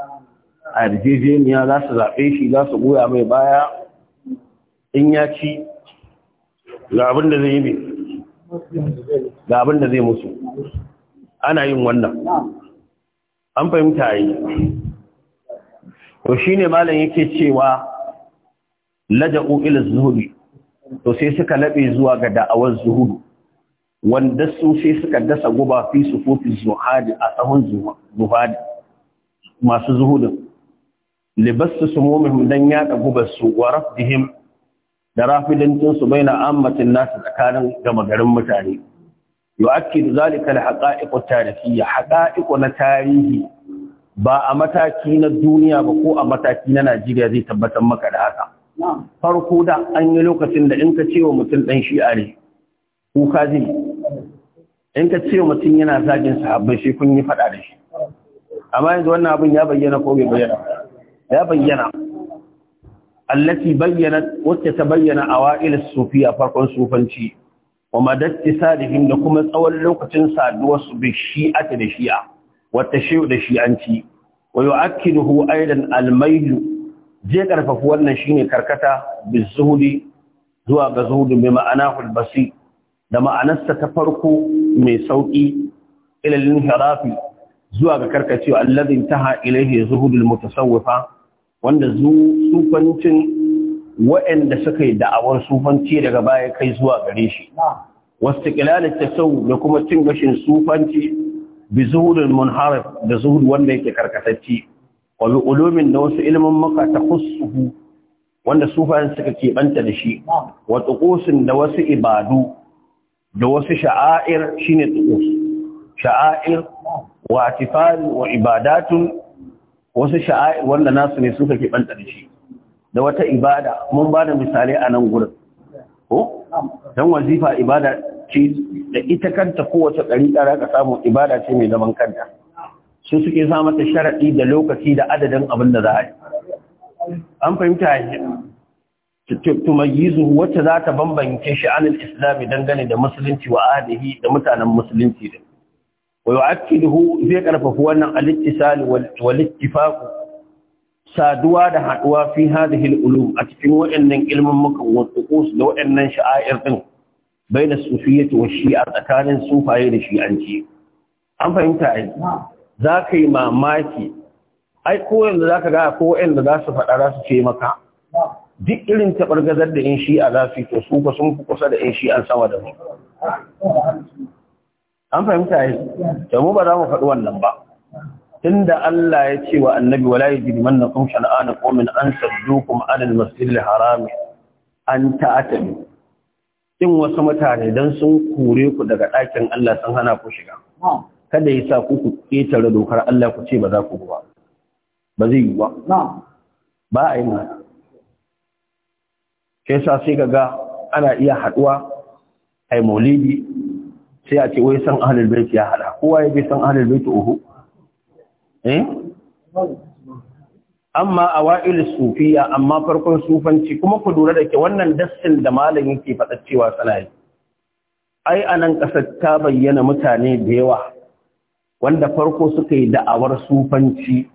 a yarjejeniya za su zaɓe shi za su goya mai baya in ya ci ga abin da zai yi ga abin da zai musu ana yin wannan an fahimta yi to ne malam yake cewa laja'u ila zuhudi to sai suka labe zuwa ga da'awar zuhudu wanda su sai suka dasa guba fi sufufi zuhadi a tsahon zuhadi masu zuhudin libassu sumumihim dan yada gubar su wa rafdihim da rafidancin su baina ammatin nasu tsakanin gama garin mutane yu'akkidu zalika al-haqa'iq at-tarifiyya haqa'iq na tarihi ba a mataki na duniya ba ko a mataki na Najeriya zai tabbatar maka da haka farko da an yi lokacin da in ka ce wa mutum ɗan shi'a ne kuka zini, in ka ce wa mutum yana zagin sahabbai shi kun yi faɗa da shi amma yanzu wannan abin ya bayyana ko bai bayyana ya bayyana allati bayyana wacce ta bayyana a wa'il sufiya farkon sufanci wa madatti salihin da kuma tsawon lokacin saduwar su bi shi'ata da shi'a wata shi'u da shi'anci wa yu'akkiduhu aidan al-mailu zai karfafi wannan shine karkata bizuhudi zuwa ga zuhudu mai ma'ana hulbasi da ma'anarsa ta farko mai sauƙi, ilalin harafi zuwa ga karkacewa allazin taha ilaihi zuhudul mutasawwifa wanda zu sufancin suka yi da'awar sufanci daga baya kai zuwa gare shi ta sau da kuma cin gashin sufanci bi zuhudul munharif da zuhudin wanda yake karkatacci wa bi ulumin da wasu ilimin maka ta khussuhu wanda sufayen suka keɓanta da shi wa tuqusin da wasu ibadu da wasu sha'air shine tuqus sha'air wa atifal wa ibadatun wasu sha'air wanda nasu ne suka keɓanta da shi da wata ibada mun ba da misali a nan gurin ko dan wazifa ibada ce da ita kanta kowace ɗari ɗara ka samu ibada ce mai zaman kanta su suke sa mata sharaɗi da lokaci da adadin abin da za a yi an fahimta yi tumayizu wacce za ta bambanci shi anil islami dangane da musulunci wa adihi da mutanen musulunci da wa yu'akkiduhu zai karfafa wannan al-ittisal wal ittifaq saduwa da haɗuwa fi hadhihi al-ulum a cikin waɗannan ilmin mukan wasu da waɗannan sha'air din baina sufiyyati wa shi'a tsakanin sufaye da shi'anci an fahimta ai za ka yi mamaki ai ko yanzu za ka ga ko yanzu za su faɗa za su ce maka duk irin gazar da in shi'a za su to su sun fi kusa da shi shi'an sama da mu an fahimta yi da mu ba za mu faɗi wannan ba tunda Allah ya ce wa annabi wala shana'ana ko min an saddukum 'ala al-masjidil an ta'tabu in wasu mutane don sun kure ku daga ɗakin Allah sun hana ku shiga kada ya sa ku ku ƙetare dokar Allah ku ce ba za ku ba ba zai yi ba ba a yi ma Ke sa sai ga ana iya haɗuwa a yi maulidi sai a ce wai san ahalul baiti ya haɗa kowa ya bai san ahalul baiti uhu eh amma wa'il sufiya amma farkon sufanci kuma ku lura da ke wannan dassin da malam yake faɗa cewa suna ai anan ƙasar ta bayyana mutane da yawa wanda farko suka yi da'awar sufanci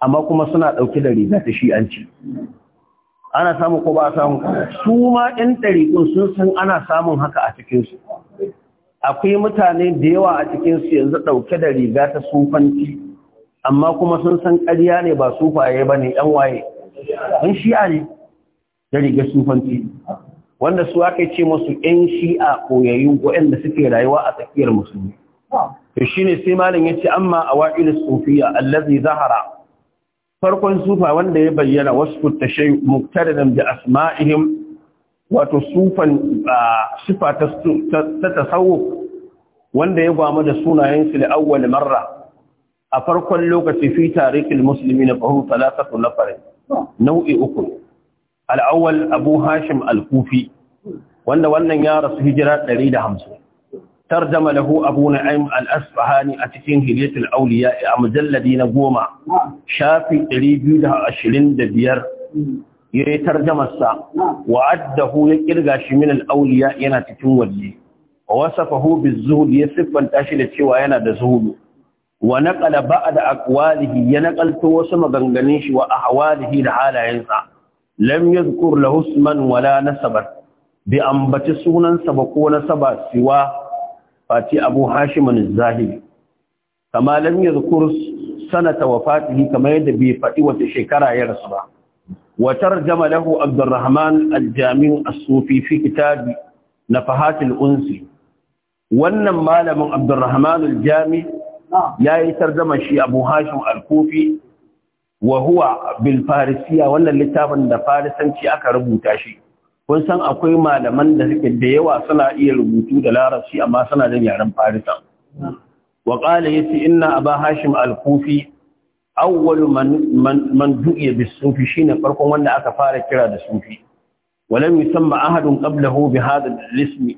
amma kuma suna ɗauke da riga ta shi'anci ana samu ko ba samu su ma ɗin ɗariƙun sun san ana samun haka a cikinsu akwai mutane da yawa a cikinsu yanzu ɗauke da riga ta sufanci amma kuma sun san ƙarya ne ba sufaye ba ne ‘yan waye ɗan shi'a ne da riga sufanci wanda su aka ce musu ‘yan shi'a koyayyu waɗanda suke rayuwa a tsakiyar musulmi to ne sai malam ce amma awa'il sufiya allazi zahara farkon sufa wanda ya bayyana wasfu tashay muktaridan bi asma'ihim wato sufan sufa ta tasawuf wanda ya gwamu da sunayensu da awwal marra a farkon lokaci fi Musulmi na fa hum na nafar nau'i uku Al'awwal abu hashim al-kufi wanda wannan ya rasu hijira 150 ترجم له أبو نعيم الأسفهاني أتكين هلية الأولياء مجلدين قوما شافي ريبيدها أشلين دبير يري ترجم السا وعده يكرغاش من الأولياء ينا تكين ولي ووصفه بالزهد يصف التاشل تشوى دزهد ونقل بعد أقواله ينقل توسم غنغنيش وأحواله لحالة ينسى لم يذكر له اسما ولا نسبا بأنبت سونا سبقون سبا سواه fati abu hashim az-zahiri kama lam yadhkur sanata wafatihi kama yadda bai faɗi wata shekara ya rasu ba wa tarjama lahu abdurrahman al-jami' as-sufi fi kitab nafahat al-unsi wannan malamin abdurrahman al yayi tarjama shi abu hashim al-kufi wa huwa bil wannan littafin da farisanci aka rubuta shi kun san akwai malaman da suke da yawa suna iya rubutu da larabci amma suna da yaren farisa wa qala yati inna aba hashim al-kufi awwal man man du'iya bis-sufi shine farkon wanda aka fara kira da sufi walam yusamma ahadun qablahu bi hadha al-ism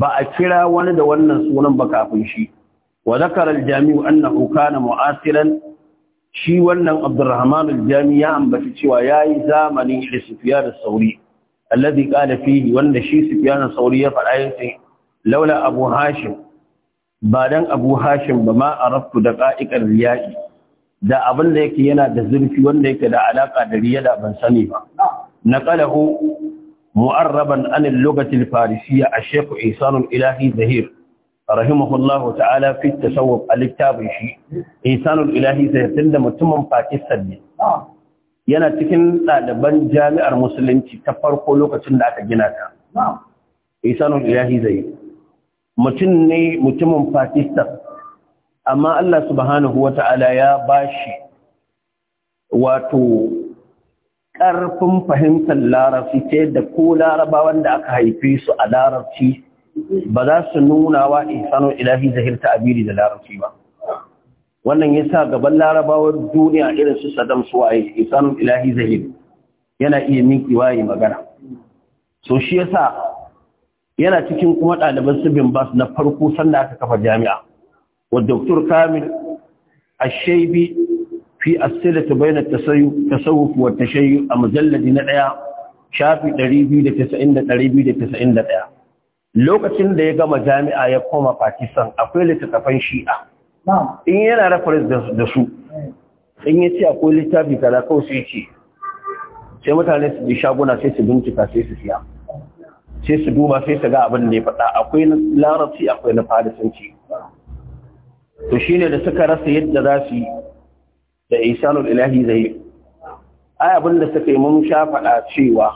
ba a kira wani da wannan sunan ba kafin shi wa zakara al-jami'u annahu kana mu'asiran shi wannan Abdurrahman al-Jami ya ambaci cewa yayi zamanin Sufyan da sauri alladhi qala fihi wanda shi Sufyan sauri ya faɗa yace laula Abu Hashim ba dan Abu Hashim ba ma da qa'iqar riya'i da abin da yake yana da zurfi wanda yake da alaka da riya da ban sani ba naqalahu mu'arraban an al-lughati al-farisiyya ash-shaykh Ihsan al-Ilahi Zahir rahimahullahu ta'ala fi at-tasawwuf al-kitab shi Ihsan al-Ilahi Zahir tunda mutumin Pakistan ne yana cikin ɗaliban jami'ar musulunci ta farko lokacin da aka gina ta isanul ilahi zai mutum ne mutumin pakistan amma Allah subhanahu wata'ala ya bashi wato ƙarfin fahimtar larabci ta yadda ko larabawan da aka haife su a larabci ba za su nuna wa isanu ilahi zahir ta'abiri da larabci ba wannan ya sa gaban larabawar duniya irin su saddam yi isanin ilahi zahid yana iya miki waye magana so shi ya sa yana cikin kuma ɗaliban su bin bas na farko sanda aka kafa jami'a wa doktor kamil ashaibi fi asilatu bayna tasawuf wa tashayyu a mujalladi na ɗaya shafi 291 lokacin da ya gama jami'a ya koma pakistan akwai littattafan shi'a in yana reference da su in ya ce akwai littafi kaza kawai sai ce sai mutane su bi shaguna sai su bincika sai su siya sai su duba sai su ga abin da ya faɗa akwai na larabci akwai na farisanci to shine da suka rasa yadda za su yi da isanul ilahi zai ai abin da suka yi mun sha faɗa cewa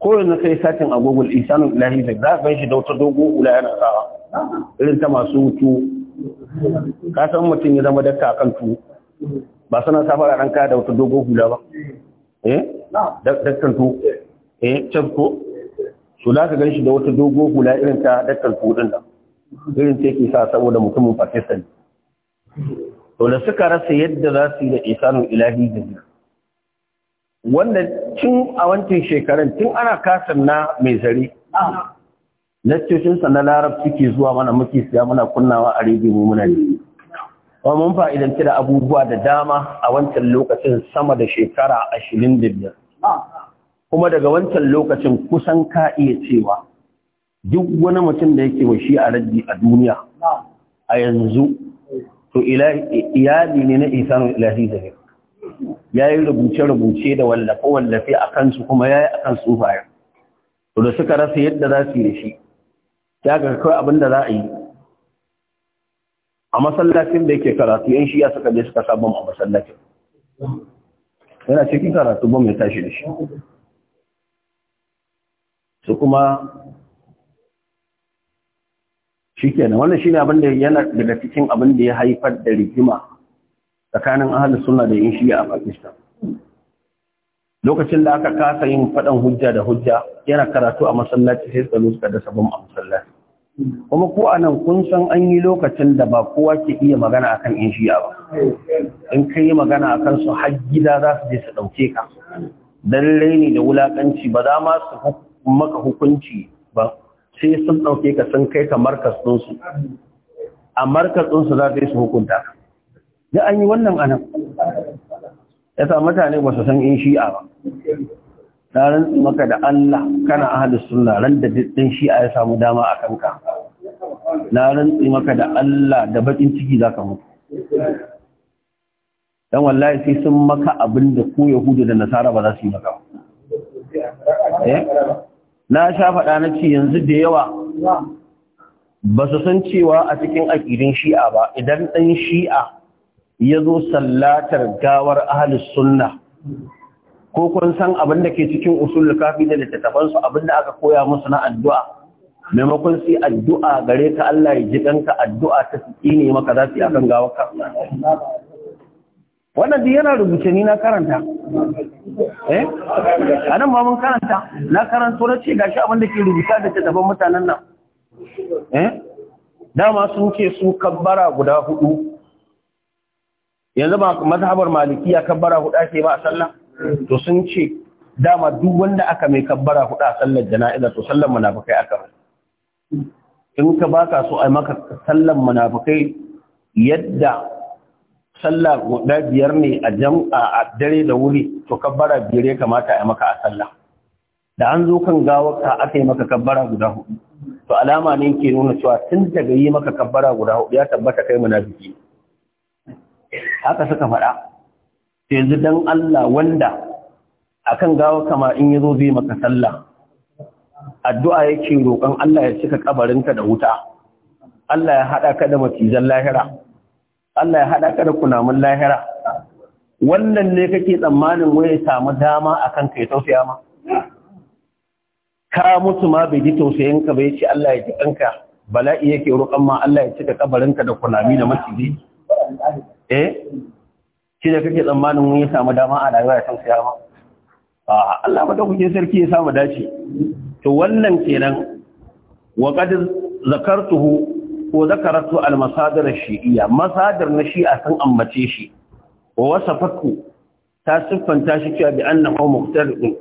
yanzu kai satin a google isanul ilahi zai za ka shi da wata dogo hula yana sawa irin ta masu hutu ka san mutum ya zama dakta akan tuwo ba suna safara ɗan kaya da wata dogon hula ba eh dakkan tu, eh can ko Su za ka ganshi da wata dogon hula irin ta dakkan tuwo din da, irin ta yake sa saboda mutumin Pakistan to da suka rasa yadda za su yi da isanu ilahi jami'a wanda cin a wancan shekaran tun ana kasan na mai zare laccocinsa na larabci ke zuwa mana muke siya muna kunnawa a rediyo muna ne ba mun da abubuwa da dama a wancan lokacin sama da shekara ashirin da biyar kuma daga wancan lokacin kusan ka iya cewa duk wani mutum da yake washi a raddi a duniya a yanzu to iyali ne na isanu ilahi zahir ya yi rubuce-rubuce da wallafe-wallafe a kansu kuma ya yi a kan to da suka rasa yadda za su yi da shi ya ga kawai abin da za a yi a masallacin da yake karatu yan shi ya suka je suka sabon a masallacin yana cikin karatu ba mai tashi da shi su kuma shi kenan wannan shi ne abin da yana daga cikin abin da ya haifar da rigima tsakanin ahalin suna da yin shiya a pakistan lokacin da aka kasa yin faɗan hujja da hujja yana karatu a masallaci sai tsaro suka da sabon a masallaci kuma ko anan kun san an yi lokacin da ba kowa ke iya magana akan in shiya ba in ka yi magana akan su har gida za su je su ɗauke ka lallai ne da wulaƙanci ba za ma su maka hukunci ba sai sun ɗauke ka sun kai ka markas ɗinsu a markas ɗinsu za su yi su hukunta da an yi wannan anan ya sa mutane ba su san in shi ba na rantsi maka da Allah kana ahlus sunna ran da ɗin shi ya samu dama a kanka na rantsi maka da Allah da bakin ciki za ka mutu Don wallahi sai sun maka abin da ko yahudu da nasara ba za su yi maka eh? na sha faɗa na ce yanzu da yawa ba su san cewa a cikin aƙirin shi'a ba idan ɗan shi'a ya zo sallatar gawar ahalus sunna ko kun san abin da ke cikin usulul kafi da littattafan su abin da aka koya musu na addu'a maimakon sai addu'a gare ka Allah ya ji danka addu'a ta ne maka za su yi akan gawa ka wannan duk yana rubuce ni na karanta eh anan ma mun karanta na karanto na ce gashi abin da ke rubuta da tattaban mutanen nan eh dama sun ce su kabbara guda hudu yanzu ba mazhabar malikiya kabbara hudu ake ba a sallah to sun ce dama duk wanda aka mai kabbara hudu a sallar jana'iza to sallar munafikai aka mai in ka baka so ai maka sallar munafikai yadda sallah guda biyar ne a jam'a a dare da wuri to kabbara biyar ya kamata a maka a sallah da an zo kan gawarka aka yi maka kabbara guda hudu to alama ne ke nuna cewa tun daga yi maka kabbara guda hudu ya tabbata kai munafiki haka suka faɗa yanzu dan Allah wanda a kan gawa kama in zo zai maka sallah addu'a yake roƙon Allah ya cika ƙabarinka da wuta Allah ya haɗa ka da macizan lahira Allah ya haɗa ka da kunamun lahira wannan ne kake tsammanin waye samu dama akan kai tausaya ma ka mutu ma bai ji tausayin ka bai ce Allah ya ji ka? bala'i yake roƙon ma Allah ya cika ƙabarinka da kunami da macizi? eh shi da kake tsammanin mun ya samu dama a rayuwa ya san siyama ma Allah madaukakin sarki ya samu dace to wannan kenan wa qad zakartuhu ko zakaratu al masadar shi'iyya masadar na shi'a san ambace shi wa wasafatku ta siffanta shi cewa bi annahu muqtaridun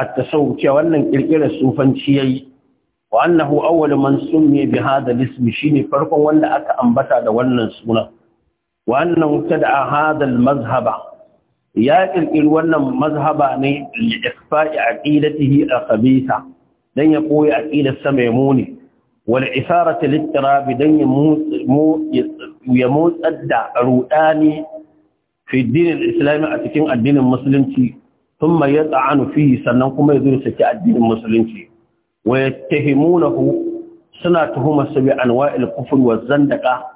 at tasawwuf cewa wannan kirkirar sufanci yayi wa annahu awwal man summi bi hadha al-ism shine farkon wanda aka ambata da wannan sunan wannan da hadal mazhaba ya kirkiri wannan mazhaba ne li isfa'i aqidatihi al-khabisa dan ya koyi aqidar sa mai muni wal isarati lit dan ya motsar da rudani fi dinin islami a cikin addinin musulunci yatsa يطعن فيه sannan kuma yazo saki addinin musulunci wa yattahimunahu suna tuhuma sabi anwa'il kufr wa zandaka?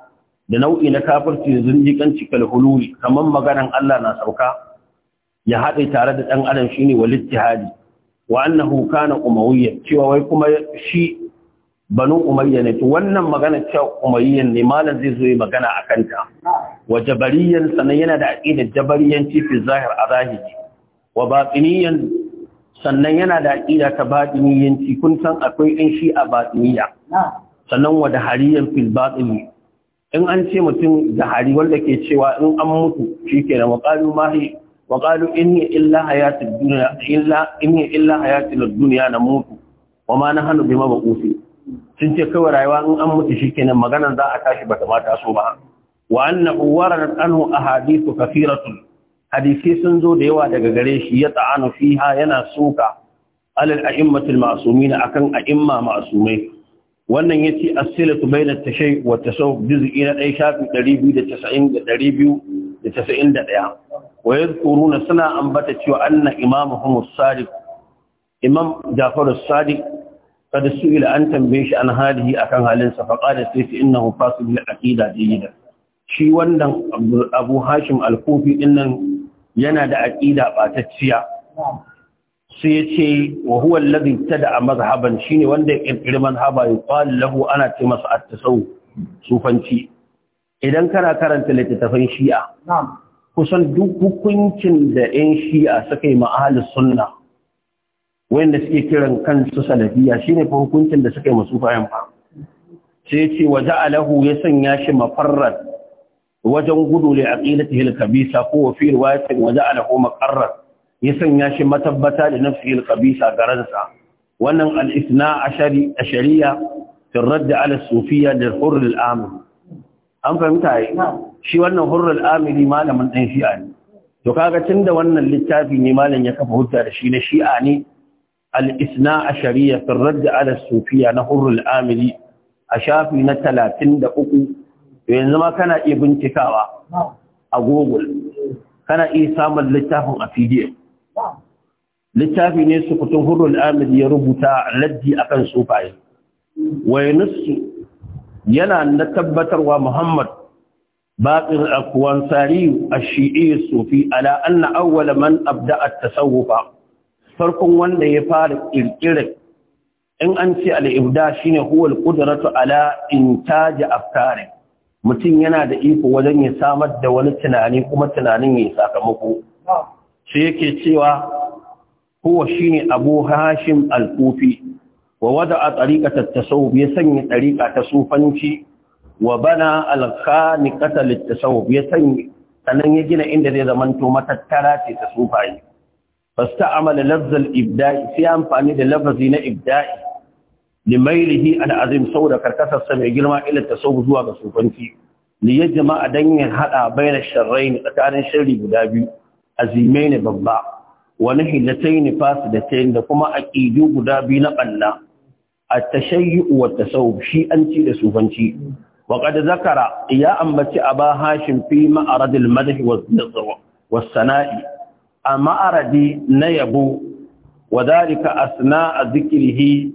da nau'i na kafirci da zindiƙanci kalhululi kamar maganan Allah na sauka ya haɗe tare da ɗan adam shine wal ittihadi wa annahu kana umayya cewa wai kuma shi banu umayya ne to wannan magana cewa umayyan ne malam zai zo yi magana akan ta wa jabariyan sanan yana da aqidar jabariyanci fi zahir a zahiri wa batiniyan sannan yana da aqida ta batiniyanci kun san akwai ɗan shi a batiniya sannan wa da hariyan fil batini in an ce mutum da hari wanda ke cewa in an mutu shi ke da waƙalu mahi in yi illa hayatun duniya na mutu wa ma na hannu bima ba sun ce kawai rayuwa in an mutu shi ke maganar za a tashi ba mata so ba wa anna uwara na tsanu a hadisu kafiratun hadisi sun zo da yawa daga gare shi ya ta'anu fiha yana soka alal a'immatul ma'sumina akan a'imma ma'sumai wannan ya ce asilatu bai da tashai wa tasau jizgi na ɗai shafi 291 wa ya tsoro na suna ambata cewa anna imamu hamus sadiq imam jafaru sadiq kada su ila an tambaye shi an halihi akan halinsa faƙa da sai fi innahu fasu da yi jayyida shi wannan abu hashim al-kufi dinnan yana da aƙida batacciya sai ya ce wa huwa allazi tada mazhaban ne wanda ya kirkiri mazhaba ya qala lahu ana ce masa at sau sufanci idan kana karanta littattafan shi'a kusan duk hukuncin da 'yan shi'a suka yi ma'ahalis sunna wanda suke kiran kansu salafiya shine fa hukuncin da suka yi masu fayan fa sai ce wa ja'alahu ya sanya shi mafarrat wajen gudu li aqidatihi kabisa ko fi riwayatin wa ja'alahu maqarrat ya sanya shi matabbata da nafsi al-qabisa ga wannan al-ithna ashari ashariya fi radd ala sufiyya da hurr al-amil an fahimta ai shi wannan hurr al-amili malamin dan shi'a ne to kaga tunda wannan littafi ne malam ya kafa hujja da shi na shi'a ne al-ithna ashariya fi radd ala sufiyya na hurr al-amili a shafi na 33 to yanzu ma kana iya bincikawa a Google kana iya samun littafin a PDF littafi ne su fitun hudun amir ya rubuta laddi a kan sufaye wayanussu yana na tabbatarwa muhammad baƙin akuwan sariyu a shi'i sufi ala anna awala man abda a tasawufa farkon wanda ya fara ƙirƙirar in an ce al'ibda shi ne huwal ala in taji aftare mutum yana da iko wajen ya samar da wani tunani kuma tunanin ya sakamako sai yake cewa huwa shine abu hashim al-kufi wa wada'a tariqat at-tasawuf ya sanya tariqa ta sufanci wa bana al-khaniqat lit-tasawuf ya sanya sanan ya gina inda zai zamanto matattara ce ta sufayi fasta'amal lafz al-ibda'i sai amfani da lafazi na ibda'i limailihi al-azim sauda karkasar mai girma ila tasawuf zuwa ga sufanci li yajma'a dan ya hada bayna sharrayn tsakanin sharri guda biyu azimai ne babba wani hilatain fasidatain da kuma aqidu guda biyu na balla at-tashayyu wa sau shi an ci da sufanci wa zakara ya ambaci aba hashim fi ma'arad al wa sanai a ma'aradi na yabo wa dhalika asna dhikrihi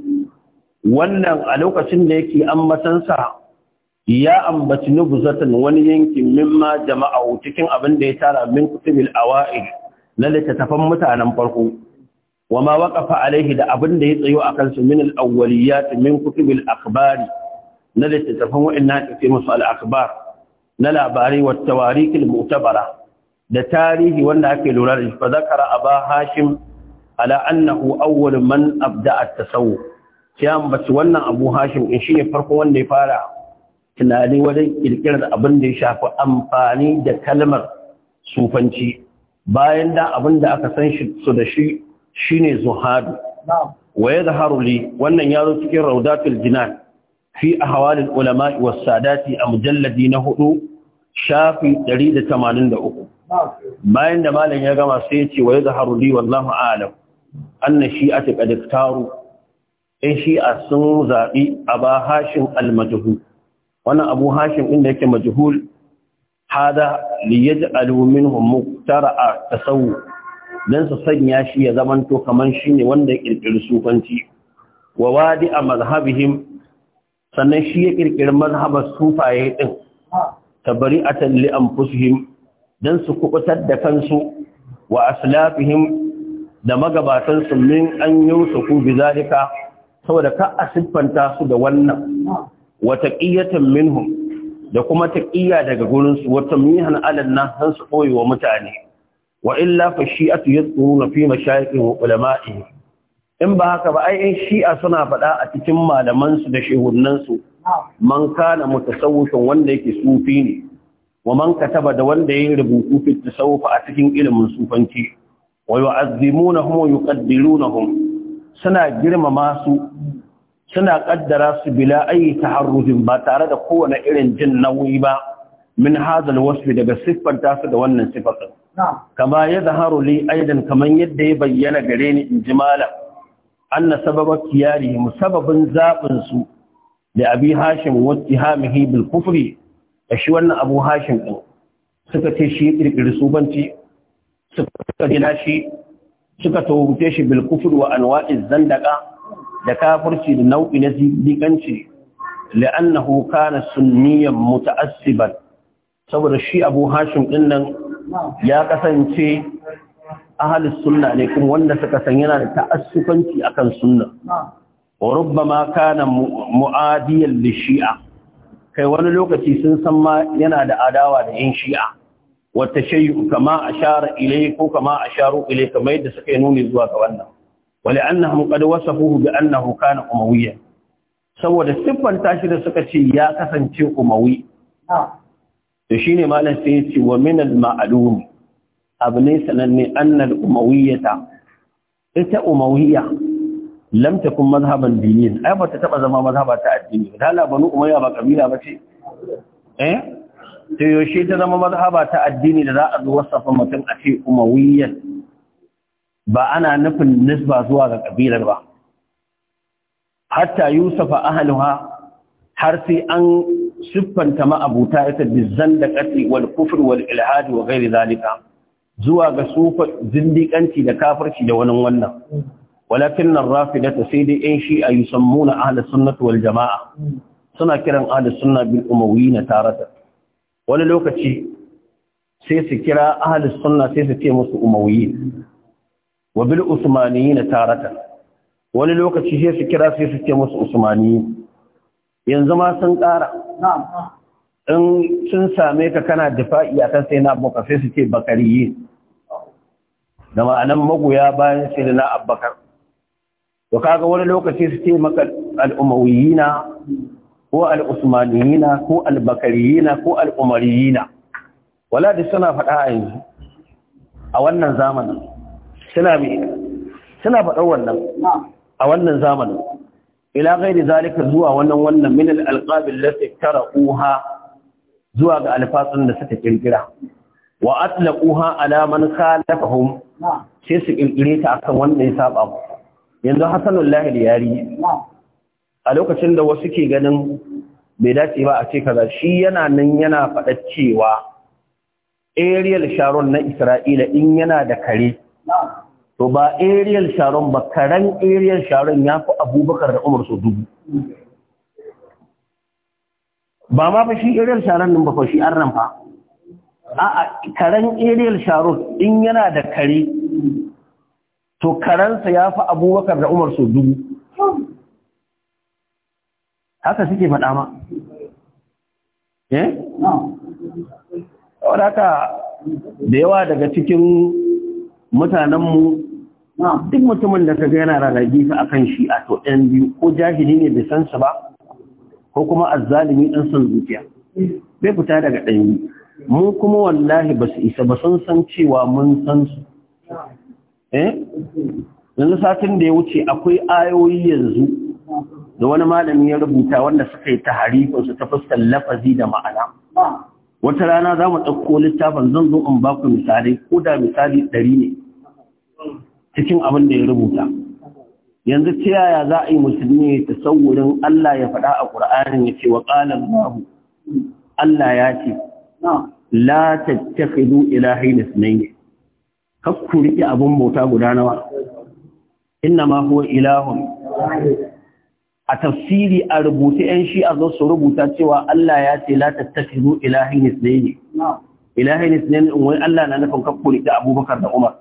wannan a lokacin da yake ambatansa ya ambaci nubuzatan wani yankin mimma jama'a cikin abin da ya tara min kutubil awa'il na littattafan mutanen farko wa ma waqafa alaihi da abin da ya tsayo akan su min al-awwaliyat min kutub al-akhbar na littattafan wa'annan ake musu al-akhbar na labarai wa tawarikh al-mu'tabara da tarihi wanda ake lura da shi fa zakara aba hashim ala annahu awwal man abda at-tasawuf sai wannan abu hashim in shine farko wanda ya fara tunani wajen kirkirar abin da ya shafi amfani da kalmar sufanci bayan da abin da aka san su da shi ne zuhadu wa yadhharu li wannan yaro cikin raudatul jinan fi a al ulama wa sadati a mujalladi na hudu shafi 183 bayan da malam ya gama sai ya ce wa yadhharu li wallahu a'lam anna shi'ati qad iktaru in shi'a sun zabi aba hashim al majhul wannan abu hashim inda yake majhul hada li yaj'alu minhum a tasawwu don su sanya shi ya zamanto shi shine wanda ya ƙirƙiri sufanci wa wadi a mazhabihim sannan shi ya kirkiri mazhabar sufaye a talli an anfusihim don su kubutar da kansu wa aslafihim da magabatan su min an yusufu bi zalika saboda ka siffanta su da wannan wa taqiyatan minhum da kuma taƙiyya daga su wata mihan alal nan hansu su ɓoye wa mutane wa illa fa shi'atu yadhkuruna fi mashayiqi wa ulama'i in ba haka ba ai shi'a suna faɗa a cikin malamansu su da shehunan su man kana mutasawwifin wanda yake sufi ne wa man kataba da wanda yake rubutu fi tasawuf a cikin ilimin sufanci wa yu'azzimunahum wa yuqaddirunahum suna girmama su suna kaddara su bila ayi taharrujin ba tare da kowane irin jin nauyi ba min hazal wasfi daga siffar tasu da wannan siffar kama ya zaharu li aidan kaman yadda ya bayyana gare ni in ji malam anna sababa kiyari musababin zabin su da abi hashim wattihamihi bil kufri da shi wannan abu hashim din suka ce shi kirkiri subanci suka dina shi suka tawuce shi bil kufri wa anwa'iz zandaka da kafirci da nau'i na zindiƙanci la'annahu kana sunniyan muta'assiban saboda shi Abu Hashim din nan ya kasance ahlus sunna ne kuma wanda suka san yana da ta'assufanci akan sunna wa rubbama kana mu'adiyan li shi'a kai wani lokaci sun san ma yana da adawa da yan shi'a wata shayyu kama ashara ile ko kama asharu ilai kamar yadda suka yi nuni zuwa ga wannan ولأنهم قد وصفوه بأنه كان أمويا saboda siffanta shi da suka ce ya kasance umawi to shine malam sai yace wa min al ma'lum abu ne sananne annal umawiyata ita umawiya lam takun mazhaban diniyin ai ba ta taba zama mazhaba ta addini ba dala banu umayya ba kabila bace. ce eh to yaushe ta zama mazhaba ta addini da za a zo wasafa mutum a ce umawiyyan ba ana nufin nisba zuwa ga kabilar ba hatta yusufa ahluha har sai an siffanta ma'abuta ita bizan da ƙasi wal kufur wal ilhadi wa gairi zalika zuwa ga sufa zindikanci da kafarci da wani wannan walakin nan rafidata sai dai yan shi a muna ahli sunnati wal jama'a suna kiran ahli sunna bil na tarata wani lokaci sai su kira ahli sunna sai su ce musu umawiyyin wa bil usmaniyina taratan wani lokaci sai su kira sai su ce musu usmani yanzu ma sun ƙara in sun same ka kana difa'i akan sai na abubakar sai su ce bakariyi da ma'anan magoya bayan sai na abubakar to kaga wani lokaci su ce maka al'umawiyina ko al'usmaniyina ko albakariyina ko al'umariyina wala da suna faɗa a yanzu a wannan zamanin suna mai suna faɗar wannan a wannan zamanin ila gairi zalika zuwa wannan wannan min alqabil lati tara'uha zuwa ga alfatsun da suka kirkira wa atlaquha ala man khalafahum sai su kirkire ta akan wanda ya saba mu yanzu hasanullahi yari a lokacin da wasu ke ganin bai dace ba a ce kaza shi yana nan yana faɗa cewa Ariel Sharon na Isra'ila in yana da kare to ba aerial sharon ba karen aerial sharon ya fi abubakar da umar so dubu ba ma fi shi aerial sharon nan ba fa shi an nan fa a karen aerial sharon in yana da kare to karensa ya fi abubakar da umar so dubu haka suke faɗa ma eh? wadda haka da yawa daga cikin mutanenmu duk mutumin da ka ga yana rarrage ka akan shi a to ɗan biyu ko jahili ne bai san sa ba ko kuma azzalimi ɗan son zuciya bai fita daga ɗan biyu mu kuma wallahi ba su isa ba sun san cewa mun san su eh yanzu satin da ya wuce akwai ayoyi yanzu da wani malami ya rubuta wanda suka yi su ta fuskar lafazi da ma'ana wata rana za mu ɗauko littafin zan zo in ba ku misali ko da misali ɗari ne cikin abin da ya rubuta yanzu ta yaya za a yi musulmi ta saurin Allah ya faɗa a ƙur'anin ya ce wa ƙalar babu Allah ya ce la tattakhidhu ilahayn ithnayn kakku riƙe abin bauta guda nawa inna ma huwa ilahun a tafsiri a rubuta ‘yan shi a zo su rubuta cewa Allah ya ce la tattakhidhu ilahayn ithnayn ilahayn ithnayn wai Allah na nufin kakku riƙe abubakar da umar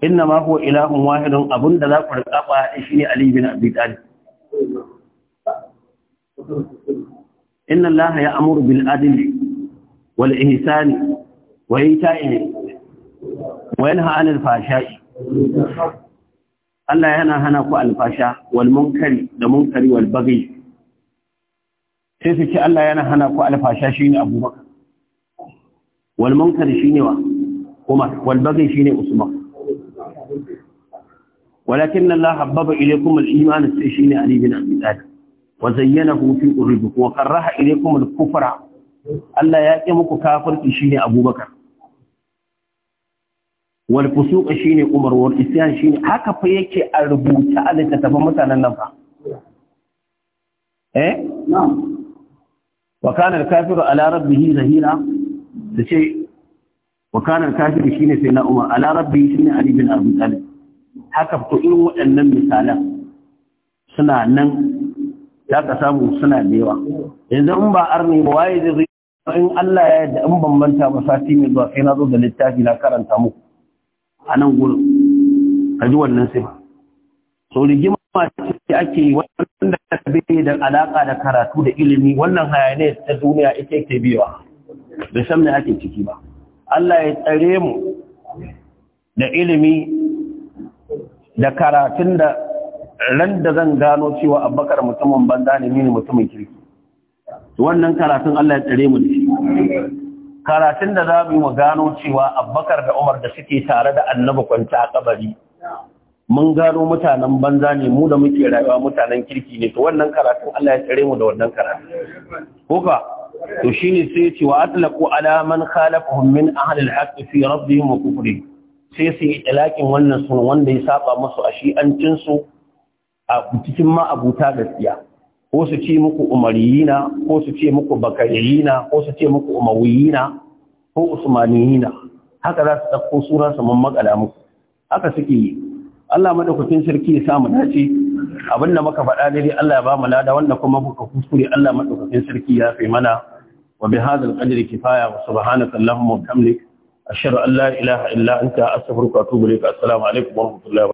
inna ma huwa ilahun wahidun abun da za ku rika ba shine ali bin abi talib inna ya amuru bil adil wal ihsani wa ita'i wa yanha 'anil fahsha'i Allah yana hana ku alfasha wal munkari da munkari wal baghi sai su ce Allah yana hana ku alfasha shine abubakar wal munkari shine wa umar wal shi ne usman walakin Allah habbaba ilaykum al sai shi ne ali bin abi wa zayyana fi qulubikum wa karaha ilaykum al-kufra Allah ya ƙi muku shi ne abubakar wal shi ne umar wal isyan ne. haka fa yake a rubuta a littattafan mutanen nan fa eh na'am wa kana al-kafiru ala rabbih zahira tace wa kana shi shine sai na umar ala rabbi ne ali bin abi talib haka to irin waɗannan misalan suna nan za ka samu suna da yawa yanzu in ba arni ba waye zai in Allah ya yarda in bambanta ba sati mai zuwa sai na zo da littafi na karanta muku a nan gurin ka ji wannan sai so rigima ce ake yi wanda bai da alaka da karatu da ilimi wannan hayaniya ta duniya ita ke biyawa bai san me ake ciki ba Allah ya tsare mu da ilimi da karatun da ran da zan gano cewa abbakar mutumin banza ne mini mutumin kirki wannan karatun Allah ya tsare mu da shi karatun da za mu gano cewa abbakar da umar da suke tare da annabi kwanta a kabari mun gano mutanen banza ne mu da muke rayuwa mutanen kirki ne to wannan karatun Allah ya tsare mu da wannan karatun ko ka to shine sai ce wa atlaqu ala man khalafahum min ahli al fi rabbihim wa kufri sai su yi wannan sun wanda ya saba musu a shi'ancinsu a cikin ma'abuta gaskiya ko su ce muku umariyina ko su ce muku bakariyina ko su ce muku umawiyina ko usmaniyina haka za su ɗauko sura su makala muku haka suke yi Allah madaukakin sarki ya samu dace da muka faɗa dai Allah ya ba mu lada wanda kuma muka kuskure Allah madaukakin sarki ya fi mana wa bi hadzal qadri kifaya wa subhanaka allahumma wa bihamdik ashhadu an la ilaha illa anta astaghfiruka wa atubu ilaik assalamu alaikum wa rahmatullahi